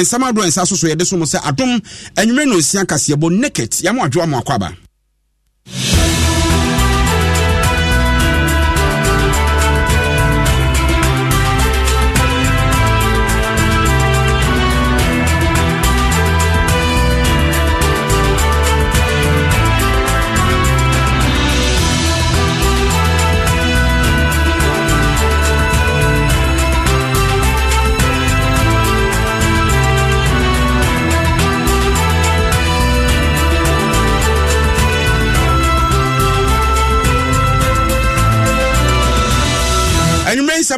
nsɛm adoɔ nsa so so yɛde so mu sɛ adom anwummerɛ no nsia kaseɛbɔ naked yɛma adwoa mu akɔ aba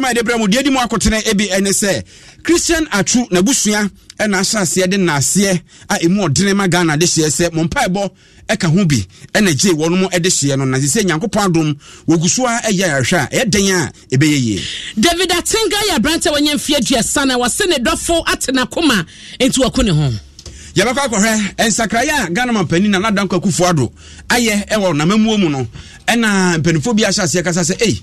ma yɛde brɛ mu deɛ di mu akotene bi ne sɛ christian atru n'abusua ɛna ahyɛ aseɛ de naaseɛ a ɔdene ma ghana de sɛ mo ho bi ɛna gye no na sɛ nyankopɔn a ɛyɛ ahwɛ a ɛyɛ dɛn a ɛbɛyɛ yie david atenga yɛ aberante a wɔnyɛ na wɔse ne dɔfo ate etu ne ho yɛbɛkɔ akɔhwɛ nsakraeɛ a ghana mampanin na nadanko akufo ado ayɛ ɛwɔ namamuo mu no ɛna mpanimfoɔ bi ahyɛ aseɛ kasa sɛ ei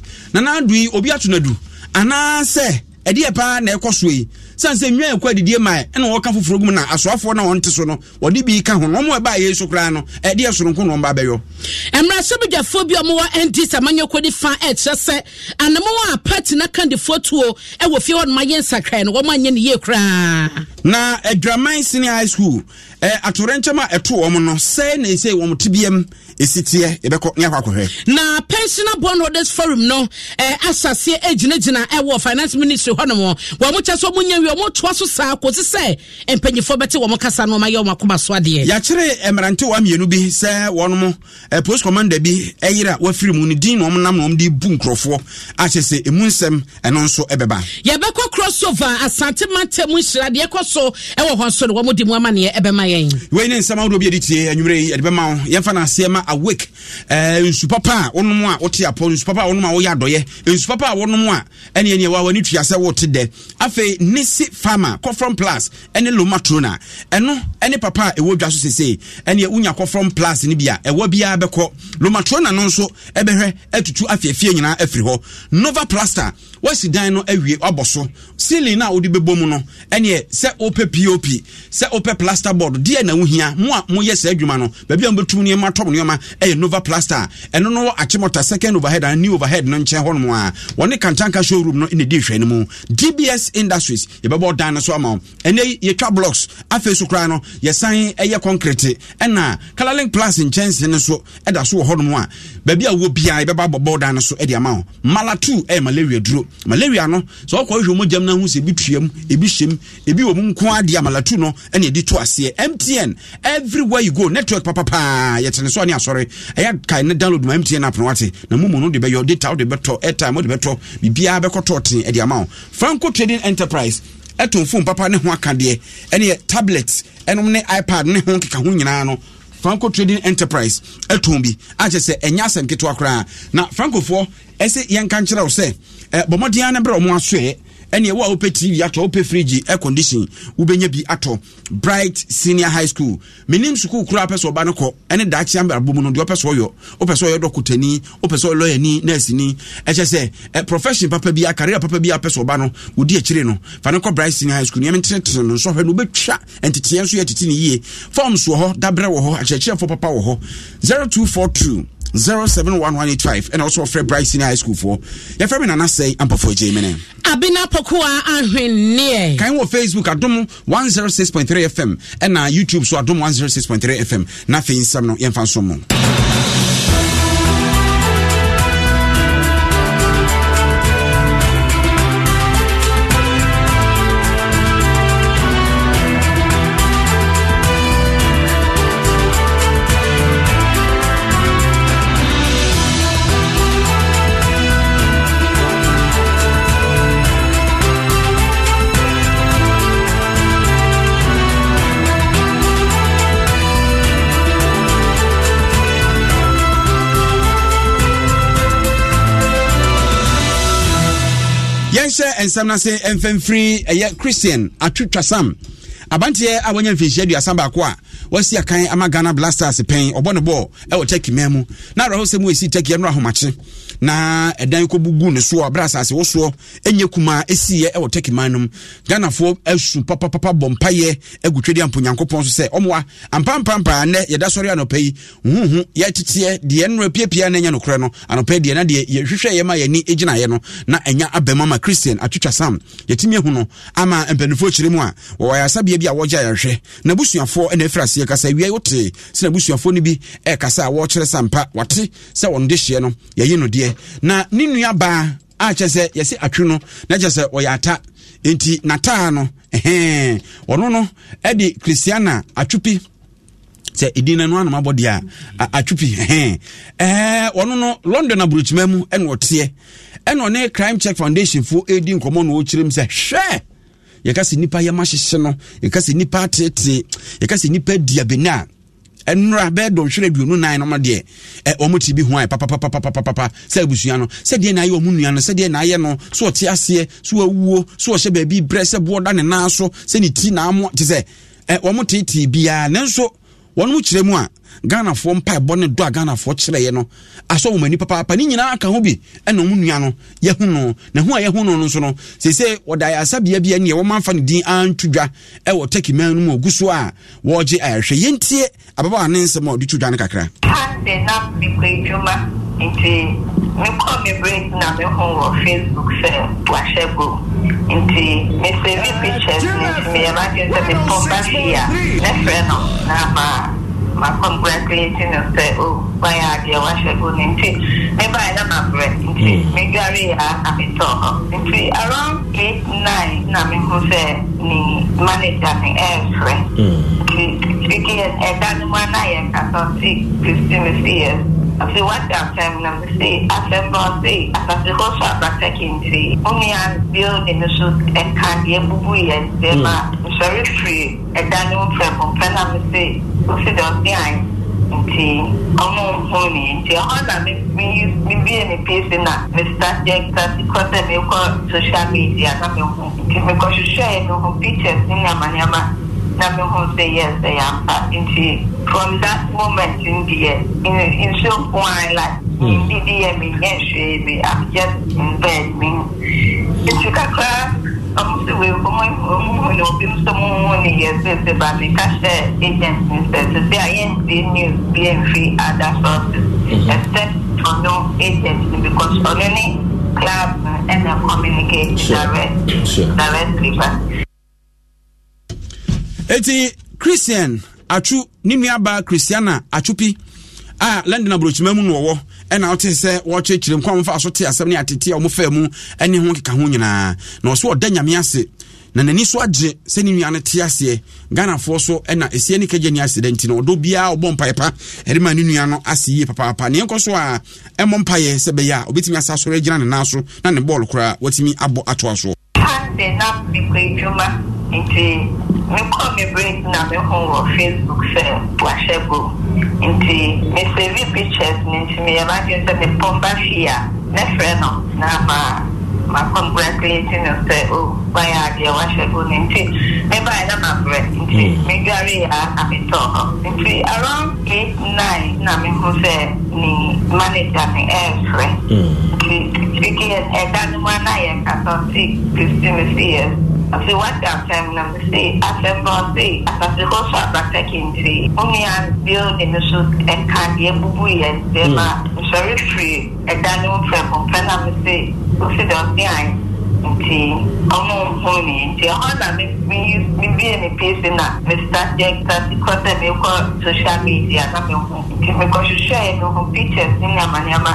yi obi ato no adu anaasɛ ɛdeɛ paa na ɛkɔ so yi sane sɛ nwia ɛkɔ adidie ma ɛna wɔka foforɔ gu mu na asoafoɔ na wɔnte so no wɔde bi ka ho na ɔmo ɛbaa yɛi so koraa no ɛdeɛ soronko na ɔmba bɛyɔ mmarahyɛbadwafoɔ bi ɔmowɔ ɛnti sɛ manyɛkɔdi fa ɛkyerɛ sɛ anamawɔ apati na kandifoɔ tuo ɛwɔ fie hɔ noma yɛ nsakrae no wɔma anyɛ ne yie koraa na adwaman sene high school atorɛnkyɛm a ɛto wɔ m no sɛe na ɛsei wɔm tebiam ɛsi teɛ yɛbɛkɔ ne akɔ akɔhwɛ na pensional bondholders forum no eh, asaseɛ agyinagyina eh, ɛwɔ finance ministry hɔnom wɔ mo kyɛ sɛ ɔmo nya wie ɔmotoa so saa kɔsi sɛ mpanyifoɔ bɛte wɔ mo kasa no ɔmayɛ ɔmo so adeɛ yɛakyere mmerantewa mmienu bi sɛ wɔnom eh, post commander bi ɛyere a wafiri mu no din na ɔmnam na ɔmde bu nkurɔfoɔ akyɛ sɛ ɛmu nsɛm ɛno nso ɛbɛba yɛbɛkɔ crossover asante manta mu nhyiradeɛ kɔ so ɛwɔ hɔ nso no wɔmode mu amaneɛ ɛbɛma yɛn wei ne nsɛm ahodoɔ bi yɛde tie anwumerɛ yi yɛde bɛma wo yɛmfa no aseɛ ma awake eh, nsu papa a wɔnom a wote apɔ nsu papa a wɔnom a woyɛ adɔyɛ nsu papa a wɔnom a ɛne ɛneɛ wa w'ani tua sɛ wote dɛ afei nisi farmer kɔfrɔm plus ɛne lomatrona ɛno ɛne papa a ɛwɔ dwa so sesei ɛneɛ wonya kɔfrɔm plus no bi a ɛwɔ biara bɛkɔ lomatrona no nso ɛbɛhwɛ atutu afiafie nyinaa afiri hɔ nova plaster wasi dan no awie wabɔ so ceiling no a wode bɛbɔ mu no ɛneɛ sɛ wopɛ pop sɛ wopɛ plaster board deɛ na wohia mo a moyɛ saa adwuma no baabi a mobɛtum nneɛma tɔm nneɛma ama ɛyɛ nova plaster ɛno no akyemɔta second overhead and new overhead no nkyɛn hɔnom a wɔne kantanka showroom no ne di hwɛ no mu dbs industries yɛbɛbɔ dan no so ama wo ɛnɛ yɛtwa blocks afei so koraa no yɛsan ɛyɛ concrete ɛna colorlink plus nkyɛnse no so ɛda so wɔ hɔnom a baabi a wo biara yɛbɛba bɔbɔ dan no so ɛde ama wo malatu ɛyɛ malaria duro malaria no sɛ wɔkɔ hwɛ mu gyam no ho sɛ ebi tuam ebi hyɛm ebi wɔ mu nko adeɛ a malatu no ɛne yɛde to aseɛ mtn everywhere you go network papapaa yɛtene so ne asɔre ɛyɛ kae ne download ma mtn app no wate na mumu no de bɛyɛ data wode bɛtɔ airtime wode bɛtɔ biribiaa bɛkɔtɔ ten ɛde ama wo franco trading enterprise ɛto phone papa ne ho akadeɛ ɛne yɛ tablet ɛnom ne ipad ne ho nkeka ho nyinaa no franco trading enterprise ɛtɔn bi akyɛ sɛ ɛnyɛ asɛm ketewa koraa na francofoɔ ɛsɛ yɛnka nkyerɛ wo sɛ bɔmmɔden a ne berɛ ɔmo asoɛ ɛne ɛwɔ a wopɛ tv atɔ wopɛ fridge air condition wobɛnya bi atɔ bright senior high school menim sukuu koraa pɛ sɛ ɔba no kɔ ɛne daakye abrabɔ mu no deɛ wopɛ sɛ ɔyɔ wopɛ sɛ ɔyɛ dɔkotani wopɛ sɛ ɔyɛ lɔyani nurseni ɛkyɛ sɛ profession papa bi akaria papa bi apɛ sɛ ɔba no wodi akyire no fa no kɔ bright senior high school nneɛma ntenetene no nsɔhwɛ no wobɛtwa nteteɛ nso yɛ tete ne yie forms wɔ hɔ dabrɛ wɔ hɔ akyerɛkyerɛfoɔ papa wɔ hɔ 0242 071185 ɛna ɔso ɔfrɛ bright senior high school foɔ yɛfrɛ me nana sɛe ampafo agye mene abena pɔkoa ahwenneɛ kan wɔ facebook adom 106.3 fm ɛna youtube so adom 106.3 fm na afei nsɛm no yɛmfa nso mu yɛnhyɛ nsɛm no ase mfamfiri ɛyɛ christian atwitwasam abanteɛ a wanya mfinhyia aduasa baako a wasi akan ama ghana blasters pɛn ɔbɔ ne bɔɔl ɛwɔ turkey man mu na awerɛhosɛ mu ɛsi turkey ɛno ahomakye na ɛdan kɔbu gu ne soɔ abrɛ asase wosoɔ ɛnyɛ kumaa ɛsiiɛ ɛwɔ tekiman nom ghanafoɔ asu papapapa bɔ mpayɛ agu twɛdi ampo nyankopɔn so sɛ ɔmoa ampampampaa nnɛ yɛda sɔre anɔpɛ yi huhu yɛteteɛ deɛ nnorɛ piapia na ɛnyɛ nokorɛ no anɔpɛ deɛ na deɛ yɛhwehwɛ yɛ ma yɛni gyinaeɛ no na ɛnya abɛma ma christian atwitwa sam yɛtumi ahu no ama mpanimfoɔ kyerɛ mu a wɔwɔ yɛasabea bi a wɔgya yɛhwɛ n'abusuafoɔ na ɛfiri aseɛ kasa awia wote sɛ n'abusuafoɔ no bi ɛkasa a wɔrekyerɛ sampa wate sɛ wɔn hyeɛ no yɛyi no deɛ na ne baa akyɛ sɛ yɛse atwe no na kyɛ sɛ ɔyɛ ata enti nataa no ɛhɛn ɔno no ɛde christiana atwupi sɛ ɛdin no anoma bɔ a atwupi ɛhɛn ɔno no london aburokyima mu ɛna ɔteɛ ɛna ɔne crime check foundation foɔ ɛdi nkɔmmɔ na ɔkyerɛ mu sɛ hwɛ yɛka sɛ nnipa yɛma hyehye no yɛka sɛ nnipa atetee yɛka sɛ nnipa diabene a nnura bɛɛ dɔnhwerɛ aduonu nan no deɛ ɛ wɔn ti bi ho ayɛ papapapapapa sɛ abusua no sɛdeɛ na ayɛ wɔn nua no sɛdeɛ na ayɛ no so ɔte aseɛ so awuo so ɔhyɛ baabi brɛ sɛ boɔ da ne nan so sɛ ne ti na amo te sɛ ɛ wɔn tete biara nanso wɔn mu kyerɛ mu a ghanafoɔ mpaebɔ ne dɔ a ghanafoɔ kyerɛeɛ no asɔ wɔn ani papaapa ne nyinaa ka ho bi ɛna wɔn nua no yɛho no na ho a yɛho no no nso no sese wɔda ayasabea bi ɛni wɔn afa ne din antu dwa ɛwɔ turkey man no mu ogu so a wɔregye ayɛhwɛ yɛntie ababaawa ne nsɛm a ɔde tu dwa no kakra. ha de na bikɔ edwuma nti me call me break na me home wɔ facebook sɛ wahyɛ go nti me save pictures ne me yɛ ma kɛ sɛ me pɔmpa fie a ne frɛ no na ama ma congratulate no sɛ o wayɛ adeɛ wahyɛ go no nti mebaɛ na mabrɛ nti megare a ametɔ hɔ nti around eight nine na mehu sɛ ne manager ne ɛɛfrɛ nti ɛgi ɛda no mu a na yɛ nkasɔte fifteen years Ase wate asem nan mi se, asem nan se, asase koso abate kente. Umi an bil de mi sou ekan diye bubu ye, de ma, mi sori fri, e dan yon pre, mwen pen behind nti ɔmo ho ni nti ɔhɔ na mi mi mi bi mi pese na mi start yɛ start kɔ mi kɔ social media na mi ho nti mi kɔ hwehwɛ yɛ mi ho pictures ne nyama nyama na mi ho sɛ yes ɛyɛ ampa nti from that moment ndi yɛ nsuo kwan like ndi di yɛ mi nyɛ hwee mi i'm just in bed mi we ọmọ ọmọ ní obi nso mu mu ni yẹ ba mi ka ṣe mi sẹ ẹsẹ sẹ ayé nti news bi ẹ fi other sources except ọ̀nà agent mi because ọ̀nà ní club ẹ̀na communicate direct directly but. eti christian atu ne nuabaa christiana atupi. a london aburokyima mu na wɔwɔ ɛna wote sɛ wɔkyerɛkyerɛ mu kwan mfa so te asɛm ne atete a wɔmfa mu ne ho keka ho nyinaa na ɔso ɔda nyame ase na n'ani so agye sɛ ne nua no te aseɛ ghanafoɔ so ɛna ɛsiɛ ne kagya ni ase da nti na ɔdɔ biara ɔbɔ mpaepa ne nua no ase yie papaapa na nkɔ so a ɛmmɔ mpaeɛ sɛ bɛyɛ a asa asɔre agyina ne nan so na ne bɔɔlo koraa watumi abɔ atoa nti mekɔɔ me na mehu wɔ facebook sɛ wahyɛ bo nti mesevi pictures no nti meyɛ madwen sɛ mepɔmba fie a ne frɛ no na ma macongratulate no sɛ o oh, wayɛ adeɛ wahyɛ bo no nti mebaɛ na mabrɛ nti hmm. medwareɛ a na nti around eight nine na mehu sɛ ne manager ne ɛɛfrɛ hmm. nti ɛda no mu afei wate asɛm no mese asɛm bɔse asase hɔ so abrata kente wo nua building no so ɛka deɛ bubu yɛ nsɛm a nsɔre firi ɛda ne wo mprɛpompɛ na mese wosi dɛ ɔse ae nti ɔmo ho ni nti ɛhɔ na me me bie ne pese na me sase sase kɔ sɛ mekɔ social media na me ho nti mekɔhwehwɛ no ho pictures ne nneɛma nneɛma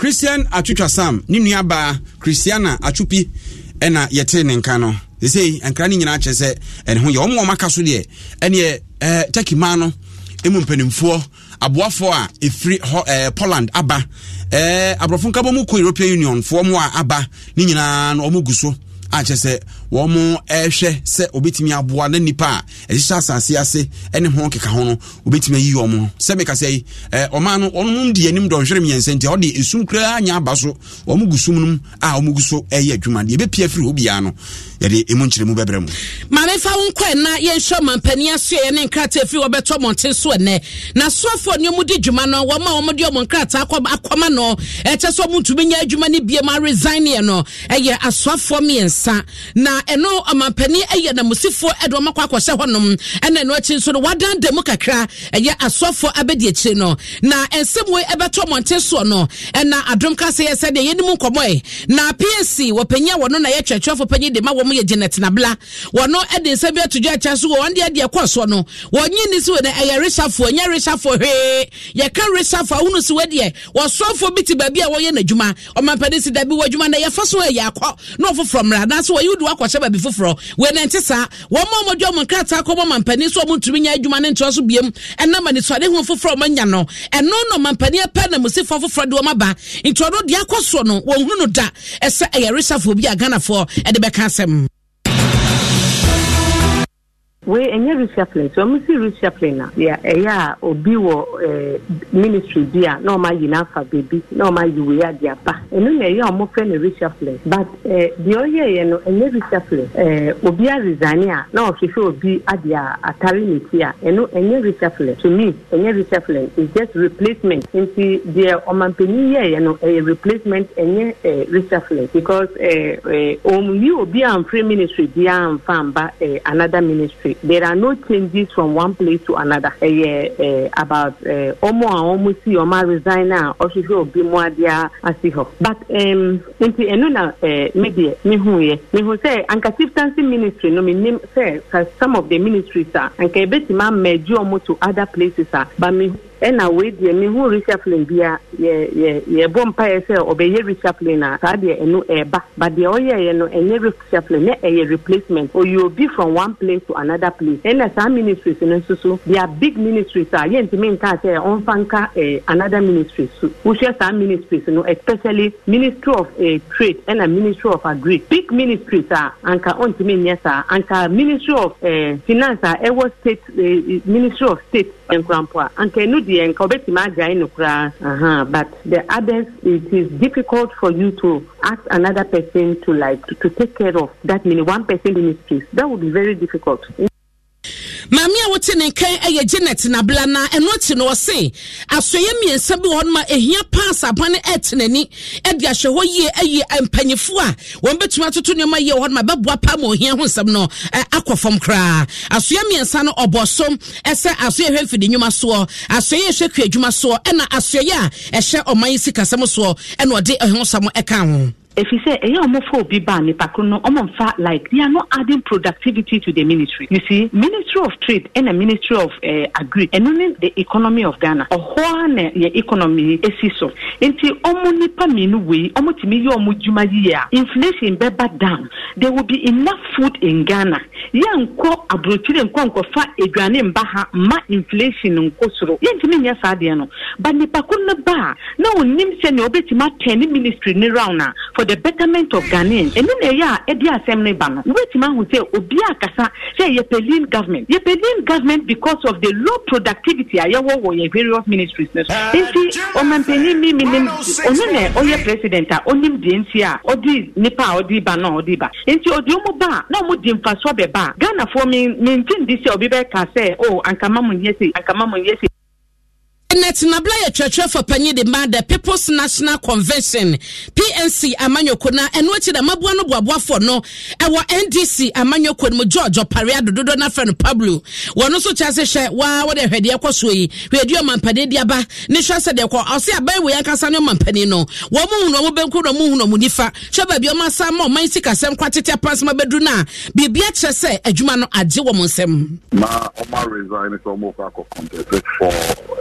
christian sam ne nuabaa christiana atwopi ɛna yɛtee ne nka no sesei nkra no nyinaa kyerɛ sɛ ɛne ho yɛ ɔma wɔma ka so deɛ ɛneɛ eh, ma no ɛmu mpanimfoɔ aboafoɔ a ɛfiri eh, poland aba eh, aborɔfo nkabɔ mu kɔ european union foɔ mu a aba ne nyinaa no ɔmo gu so akyɛ sɛ wɔn ɛrehwɛ sɛ obetumi aboa na nipa a ɛhyehyɛ asase ase ɛne ho keka ho no obetumi ayi wɔn sɛ mekasa yi ɛɛ ɔman no wɔn di anim dɔnhwere mmiɛnsa nti ɔde esum kura anya aba so wɔn gu sum no a wɔn gu so ɛyɛ adwuma deɛ ebepia firi hɔ biara no yɛde emu nkyerɛmu bɛbrɛ mu. maame fa wo nkɔ ɛna yɛnhyɛ mampanin aso yɛ ne nkrataa firi wɔbɛtɔ mɔnten so ɛnɛ na ntumi na na ɛno ɔmampanin ɛyɛ namusifoɔ ɛde wɔn akɔ akɔhyɛ hɔnom ɛna ɛno akyi nso no wadan da mu kakra ɛyɛ asɔfoɔ abɛdi akyire no na nsɛm wei ɛbɛtɔ mmɔnten soɔ no ɛna adom kasa yɛ sɛdeɛ yɛnim nkɔmmɔ ɛ na psc wɔpanyin a wɔno na yɛ twɛtwɛfoɔ panyin de ma wɔn yɛ gyina tenabla wɔno ɛde nsɛm bi ato dwa akyɛ so wɔn deɛ deɛ kɔ soɔ no wɔnyi ne si wɔ no ɛyɛ resafoɔ nyɛ resafoɔ hwee yɛka resafoɔ ahunu si wɔ deɛ wɔsɔfoɔ bi te baabi a wɔyɛ n'adwuma ɔmampanin si dabi wɔ adwuma na yɛfa so yɛ akɔ na ɔfoforɔ mmra nanso ɔhyɛ baabi foforɔ wɔnante saa wɔn a wɔn adwa wɔn krataa kɔ wɔn mampanin so wɔn ntumi nya adwuma ne ntoa so biem ɛnam anisoade ho foforɔ wɔn anya no ɛno no mampanin pɛ na musifo foforɔ de wɔn aba ntoa no deɛ akɔ soɔ no wɔn hunu da ɛsɛ ɛyɛ resafoɔ bi a ghanafoɔ ɛde bɛka asɛm wei ɛnyɛ russia plane so ɔmo si russia plane a yɛ ɛyɛ a obi wɔ ɛɛ eh, ministry bi a na ɔmo ayi n'afa beebi na ɔmo ayi wei adi aba ɛnu na ɛyɛ ɔmo fɛ no russia plane but ɛɛ deɛ ɔyɛ no ɛnyɛ russia plane ɛɛ obi arizani a na ɔhwehwɛ obi adi a atare a ɛnu ɛnyɛ russia plane to me ɛnyɛ russia plane it's just replacement nti deɛ eh, ɔmanpanyin yɛ yɛ no ɛyɛ replacement ɛnyɛ ɛɛ plane because ɛɛ ɛɛ ɔmo yi obi a nfiri ministry bi a nfa nba eh, another ministry there are no changes from one place to another ɛyɛ eh, ɛɛ eh, about eh, Omo and a ɔmo si ɔmo a resign a ɔhwehwɛ obi mu adeɛ asi but ɛɛm um, nti ɛno na ɛɛ mi deɛ mi hu yɛ mi hu sɛ anka ministry no me, nim sɛ some of the ministries a anka ebetumi ama edu ɔmo to other places are, but me ɛna wei deɛ mehu reshuffling bi a yɛbɔ mpaeɛ sɛ ɔbɛyɛ reshuffling a saa deɛ ɛno ɛɛba but deɛ ɔyɛeɛ no ɛnyɛ reshuffling na ɛyɛ replacement ɔyɛ obi from one place to another place ɛna saa ministries no nso so they big ministries a yɛntumi nka sɛ ɔmfa nka e, another ministry so wohwɛ saa ministries no especially ministry of ɛɛ e, trade ɛna ministry of agri big ministries a anka ɔntumi nyɛ saa anka ministry of ɛɛ e, finance a ɛwɔ state ɛɛ ministry of state nkurampo a anka ɛnu but the others it is difficult for you to ask another person to like to, take care of that many one person in his case that would be very difficult maame a wote ne nkan yɛ janet nabla na ɛno akyi no ɔse asɔeɛ mmiɛnsa bi wɔ hɔnom a ɛhia paa asaban ɛte n'ani de ahyɛ hɔ yie ayi mpanyinfoɔ a wɔn bɛtumi atoto nneɛma yie wɔ hɔnom bɛboa paa ma ohia ho nsɛm no akɔ fam koraa asɔeɛ mmiɛnsa no ɔbɔ so ɛsɛ asɔeɛ hwɛ mfidi nnwuma soɔ asɔeɛ ɛhwɛ kua adwuma soɔ ɛna asɔeɛ a ɛhyɛ ɔman sikasɛm soɔ ɛna ɔde ɛho sam ɛka ho if you say a eh, homophobe nipa no omomfa like they are not adding productivity to the ministry you see ministry of trade and the ministry of uh, agri and only the economy of ghana ɔhɔ a economy esi so nti ɔmo nipa mmienu wei ɔmo tìmi inflation beba down there will be enough food in ghana yɛn nkɔ aburokyire nkɔ nkɔfa aduane mba ha ma inflation nkɔ soro yɛn tìmi nyɛ saa deɛ no ba nipa ko ne ba na onim sɛ nea ɔbɛtìmi atɛn ne ministry ne round a. for the betterment of ghanaians ɛno na ɛyɛ a ɛde asɛm no ba no wobɛtumi ahu sɛ obi akasa sɛ yɛ pelin government yɛ pelin government because of the low productivity a yɛwɔ wɔ various ministries no so nti ɔmampanin mi mi nim ɔno na ɔyɛ president a ɔnim deɛ nti a ɔde nipa a ɔde ba na ɔde ba nti ɔde ɔmo ba na ɔmo di mfasoɔ Ghana ghanafoɔ mi mi nti ndi sɛ obi bɛka sɛ o oh, ankama mo nyɛ se ankama mo nyɛ se ɛnɛtenabla yɛ twerɛtwerɛfa panyi de ma the people's national convention pnc amanyɔko na ɛno akyi dɛ maboa no boaboafoɔ no ɛwɔ ndc amanyɔko no mu george ɔpare adododo no afrɛ no pablo wɔno nso kyɛ se hyɛ waa wode hwɛdeɛ kɔ soɔ yi hwɛdi ɔmampaneɛ di aba ne hwɛ sɛ deɛ kɔ ɔse aban wei ankasa ne ɔmampani no wɔ mu hunu ɔmu bɛnku na ɔmu hunu ɔmu nifa hwɛ baabi ɔma sa ma ɔman sikasɛm kɔ atete apansoma bɛduru no a biribia kyerɛ sɛ adwuma no agye wɔ mo nsɛm ma ɔma resign sɛ ɔmɔkɔ akɔ contested for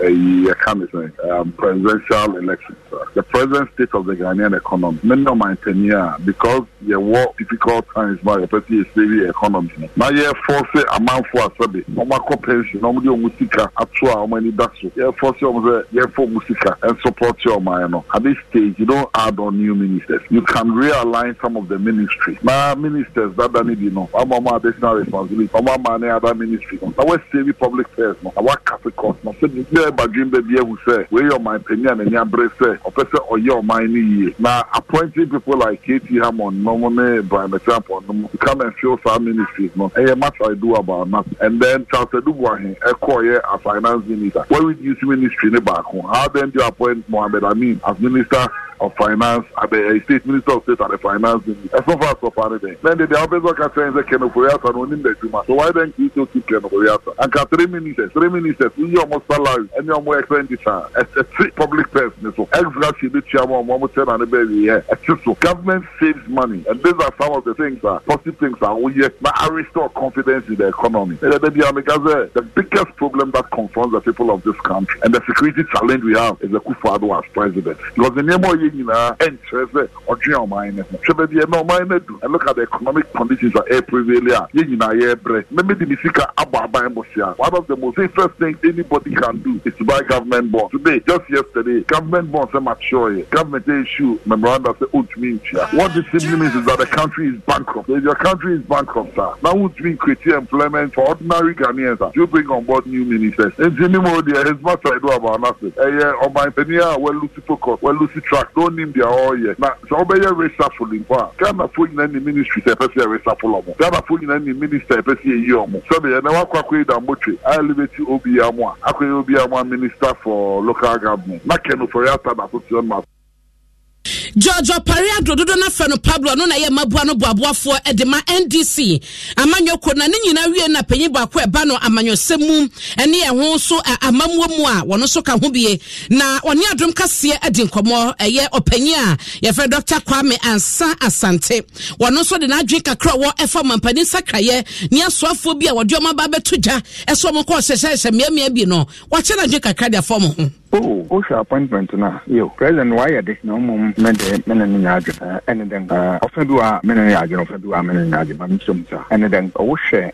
ayi the Cameroon um, presidential elections, uh, the present state of the Ghanaian economy, many of my tenure, because the war difficult times, my petty slavery economy. Now, yeah, force a man for a survey, no more pension, no more musica, at two how many that's yeah, force you, yeah, for musica, and support your man. At this stage, you don't add on new ministers, you can realign some of the ministries. My ministers that I need you know, I'm on my additional responsibility, I'm on my other ministry. Now, we're saving public affairs, now, what capital cost, now, so, yeah, but dream ɔman baabi ahu sɛ wei ɔman panyin a n'ani abere sɛ ɔpɛ sɛ ɔyɛ ɔman no yie na appointing people like kt Hamon, nom ne brian mchampo nom come and fill saa ministries no ɛyɛ matter i do about that? and then charles edubuahin ɛkɔɔyɛ as finance minister wɔn reduce ministry ne baako how then do you appoint mohammed amin as minister of finance the state minister of state and the finance minister ɛfɔ fa sɔpa ne dɛ na de de aw bɛ sɔn ka sɛn sɛ kɛnɛ kori so why then kii to keep kɛnɛ kori ata and ka three ministers three ministers iye ɔmo salary ɛni ɔmo expenditure ɛsɛ ti public purse ne so extra si bi tia mo ɔmo ɔmo tɛ na ne bɛ yɛ ɛti so government saves money and these are some of the things ah positive things that woyɛ na i restore confidence in the economy eh, the biggest problem that confronts the people of this country and the security challenge we have is the kufu ado as president because the name of you yɛn nyinaa ɛnkyerɛ sɛ ɔdwe ɔman no ho hwɛ baabi ɛma ɔman no adu and look at the economic conditions a ɛyɛ prevail a yɛn nyinaa yɛbrɛ na mede me sika abɔ aban bɔ sea one of the most first thing anybody can do is to buy government bond. today just yesterday government bonds sɛ matweɛ government issue memoranda sɛ ɔntumi ntua what this simply means is that the country is bankrupt so if your country is bankrupt sir now ɔntumi create employment for ordinary Ghanaians sir you bring on board new ministers nti ni mo deɛ his do about nothing ɛyɛ ɔman panin a wɔlusi focus wɔlusi track n'onim deɛ ɔreyɛ na sɛ ɔbɛyɛ resafol mpo a ghanafoɔ nyinaa ne ministry sɛ ɛpɛ sɛ resafol ɔmo ghanafoɔ nyinaa ne minister ɛpɛ sɛ yɛyi ɔmo sɛdeɛ na wakɔ akɔyɛ dambotwe aelevate obi amu a akɔyɛ obi amu a minister for local government na kɛnofɔre ata na asosɛ no georgio pariagro dodo no no pablo no na ɛyɛ mmaboa no boaboafoɔ de ma ndc amanyoko na ne nyinaa wie na panyin baako ɛba no amanyɔsɛm mu ne ɛho so eh, amammuo mu a wɔno nso ka ho bie na ɔne adom kaseɛ adi nkɔmɔ ɛyɛ eh, ɔpanyin a yɛfrɛ dr kwame ansa asante ɔno nso de n'adwene kakra ɔwɔ ɛfa mampanin sakrayɛ ne asoafoɔ bi a wɔde ɔmaba ba bɛto gya ɛsɛ ɔmo kɔɔ hyɛhyɛhyɛ mmeammea bi no wɔakyɛ n'adwene kakra de afa ɔmo ho Oh, wohwɛ appointment no a yo president wayɛ de na mmom me de me ne no nyɛ adwene ɛne dɛn ɔfa bi a me ne no yɛ adwene ɔfa bi a me ne no nyɛ adwene ma mekyerɛ eh, mu saa ɛne dɛn wohwɛ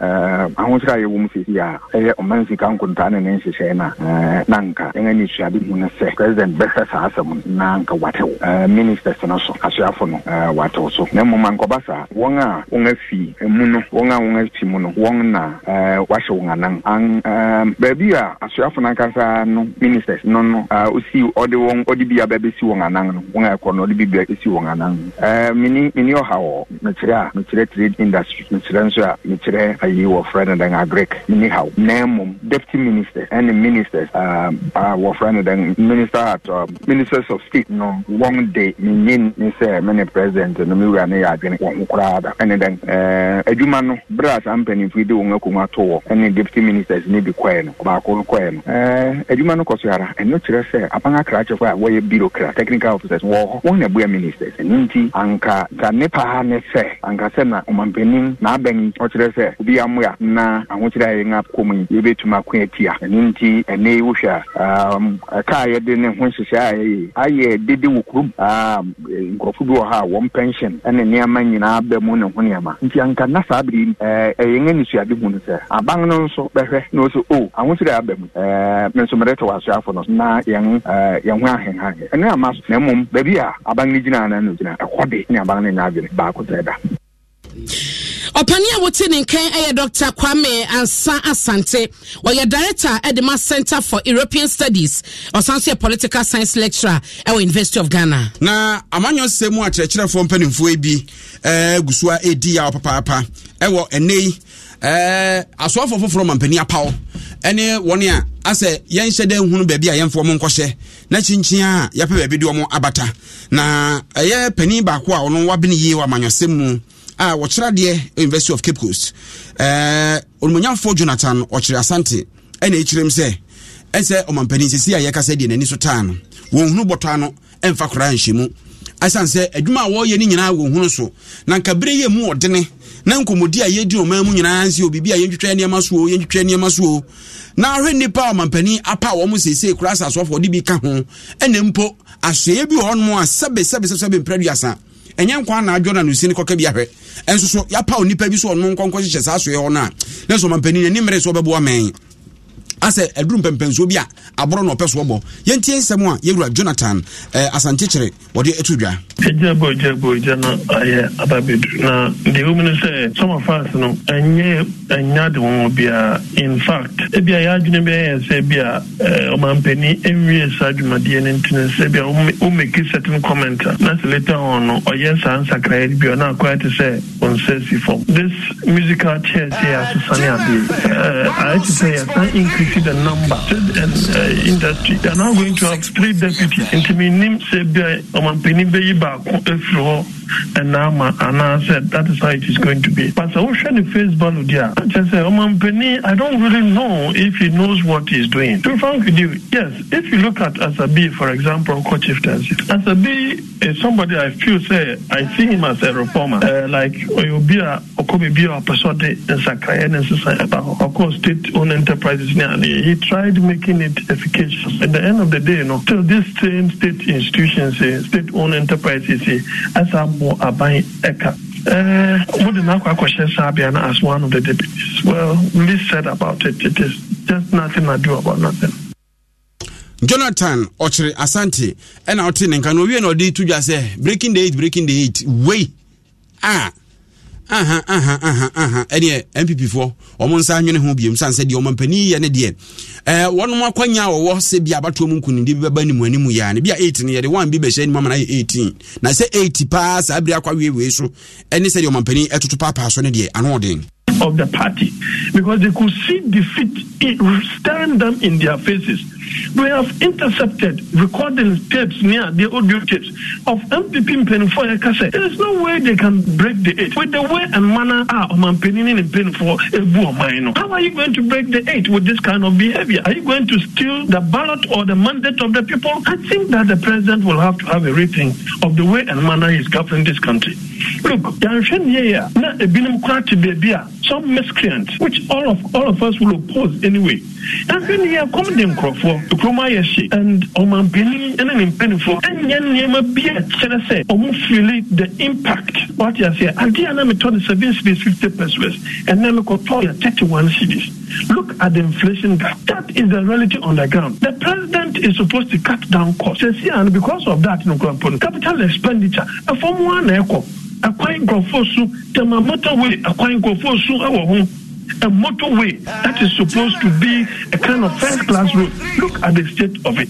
ahokyerɛ a yɛwɔ mu sɛsi a ne ne nhyehyɛe no a eh, na nka ɛnyɛ ne suade eh, mu no sɛ president bɛhwɛ saa asɛm no na nka watew ministers no so asoafo no watew so na mmom ankɔba saa wɔn a wɔn afi mu no wɔn a wɔn afi mu no wɔn na wahyɛ wɔn anan baabi a asoafo no ankasa no ministers no Uh, anan no osi ɔde wɔn ɔde bi aba bɛsi wɔn anan no wɔn a ɛkɔ no ɔde bi bɛsi wɔn anan no mini mini ɔha wɔ mekyerɛ a mekyerɛ trade industry mekyerɛ nso a mekyerɛ ayi wɔfrɛ no dɛn agric mini haw na mmom deputy minister ɛne ministers uh, wɔfrɛ no dɛn minister at uh, ministers of state no wɔn de menye ne sɛ me ne president no me wura ne yɛ adwene wɔn ho koraa da ɛne dɛn adwuma eh, no berɛ e a saa de wɔn akonnwa to wɔ ɛne deputy ministers ne bi kɔɛ no baako no kɔɛ eh, no adwuma no kɔ so ara ɛno no kyerɛ sɛ aban akrakyefo a wɔyɛ bureaucrat technical officers wɔ hɔ wɔn na bua ministers ɛno nti anka sa e, e e ne paa ne sɛ anka sɛ na ɔmampanin yi ɔkyerɛ sɛ obi amoa na ahokyerɛ a yɛn akɔm yi yɛbɛtumi ako atia ɛno nti ɛnɛ yi wohwɛ a ɛka a yɛde ne ho nhyehyɛ a yɛyɛ ayɛ dede wɔ kurom nkurɔfo bi wɔ hɔ a wɔn pension ne nneɛma nyinaa bɛ mu ne ho nneɛma nti anka na saa bere ɛɛ ɛyɛn anisuade hu no sɛ aban no nso bɛhwɛ na o o ahokyerɛ abɛ mu ɛɛ mɛnso mɛde to wɔ asoafo no na na yɛn yɛn ho ahenha ɛne ama so na mmom baabi a aban no gyina anaa no gyina ɛhɔ de ne aban no nyɛ adwene baako ɔpani a wɔte ne nkyɛn yɛ dr kwame ansa asante ɔyɛ director at center for european studies ɔsan so yɛ political science lecturer ɛwɔ university of ghana na amanyɔsɛ mu akyerɛkyerɛfoɔ mpanimfoɔ bi eh, gu so a ɛdi yaw papaapa ɛwɔ ɛnɛ yi eh, asoafoɔ foforɔ mampani apaw ɛne wɔn a asɛ yɛnhyɛ dɛ nhunu baabi a yɛmfoɔ mu nkɔhyɛ na kyinkyia a yɛpɛ baabi de wɔn abata na ɛyɛ panin baako a ɔno wabene yie wɔ amanyɔsɛm mu a wɔkyerɛ adeɛ university of cape coast eh, onumonyamfoɔ jonathan ɔkyerɛ asante ɛna ɛkyerɛm sɛ Ɛsɛ ɔmampanin sɛsi a yɛkasa deɛ n'ani so taa no wɔnhunu bɔtɔa no ɛmfa koraa nhyɛ mu ɛsiane sɛ adwuma a wɔreyɛ no nyinaa wɔnhunu so na nka berɛ yɛ mu ɔdene na nkɔmmɔdi a yɛdi ɔman mu nyinaa nsi o biribi a yɛntwitwa nneɛma so o yɛntwitwa nneɛma so o na ahwɛ nnipa a ɔmampanin apa a wɔn seesei kura asasoafoɔ de bi ka ho ɛna mpo asoɛ bi wɔ hɔnom a sɛbesɛbesɛbɛ mprɛ duasa ɛnyɛ nkwa na adwo na no si ne kɔka bi ahwɛ ɛnso so yɛapa onipa bi so ɔno nkɔnkɔ hyehyɛ saa soɛ hɔ no a na so mampanin ani mmerɛ sɛ wɔbɛboa mɛn asɛ aduru mpɛmpɛnsuo bi a aborɔ na ɔpɛ so bɔ yɛntie nsɛm a yɛwura jonathan eh, asantekyere wɔde ɛto dwa ɛgya bɔ gya bɔ gya no ayɛ ababɛduru na deɛ wɔmu no sɛ some of no ɛnyɛ ɛnya de wɔn biara in fact ebia yɛ adwene sɛ bi a ɔmampani ɛnwie saa adwumadeɛ no ntini sɛ bi a certain comment a na sɛ later on no ɔyɛ saa nsakraeɛ bi a ɔna akɔɛ te sɛ ɔnsɛ si fam this musical chairs yɛ asosane adeɛ ayɛ te sɛ yɛsan increase the number. and uh, industry, they are now going to have three deputies. Nti mi nim sɛ bia ɔmampanin bɛyi baako afiri hɔ that is how it is going to be. But the ocean ne face value I don't really know if he knows what he is doing. To be frank with you, yes, if you look at Asabi for example, co Chieftaincy, Asabi is somebody I feel say I see him as a reformer. Uh, like Oyobia, Okobi Bia, Opesode, Nsakaya, Nsisa, Oko State Owned Enterprises, day, he tried making it efficacious. At the end of the day, you know, till this same state institutions, state-owned enterprises, as a more aban eka. What eh, did Nakwa question Sabian as one of the deputies? Well, we said about it, it is just nothing I do about nothing. jonathan ɔkyere asante ɛna ɔte ne nka no owie na ɔde to dwa sɛ breaking the eight breaking the eight wei a ah aha aha aha aha ɛneɛ npp foɔ ɔmo nsa nwene ho biom sane sɛ deɛ ɔma mpani yɛ ne deɛ eh, wɔnom akwanya a wɔwɔ sɛ bia abatoɔ mu nkonimdi bi bɛba nimu animu yɛa ne bia 8 no yɛde one bi bɛhyɛ anim ama no ayɛ na sɛ 80 paa saa bere akɔ awiewei so ɛne sɛdeɛ ɔmampani ɛtoto paapaa so ne deɛ ano of the party because they could see defeat staring them in their faces. We have intercepted recording tapes near the audio tapes of MPP a Ekase. There is no way they can break the eight. With the way and manner are Omampenini and for a Omaino. How are you going to break the eight with this kind of behavior? Are you going to steal the ballot or the mandate of the people? I think that the president will have to have a rethink of the way and manner he's governing this country. Look, na some miscreant which all of all of us will oppose anyway afei ne yɛakɔm come nkurɔfoɔ kurom ayɛ hye and ɔmampanin ne ne mpanimfoɔ ɛnyɛ nneɛma bi a kyerɛ sɛ ɔmo fili the impact wate aseɛ adeɛ I am told the seven cities fifty pesos ɛnɛ mekɔtɔ yɛ thirty one cities look at the inflation gap that is the reality on the ground the president is supposed to cut down costs sɛsi and because of that no nkurɔfoɔ capital expenditure A form one echo. akwan nkurɔfoɔ so the motorway akwan nkurɔfoɔ so wɔ ho a motorway that is supposed to be a kind of first class road look at the state of it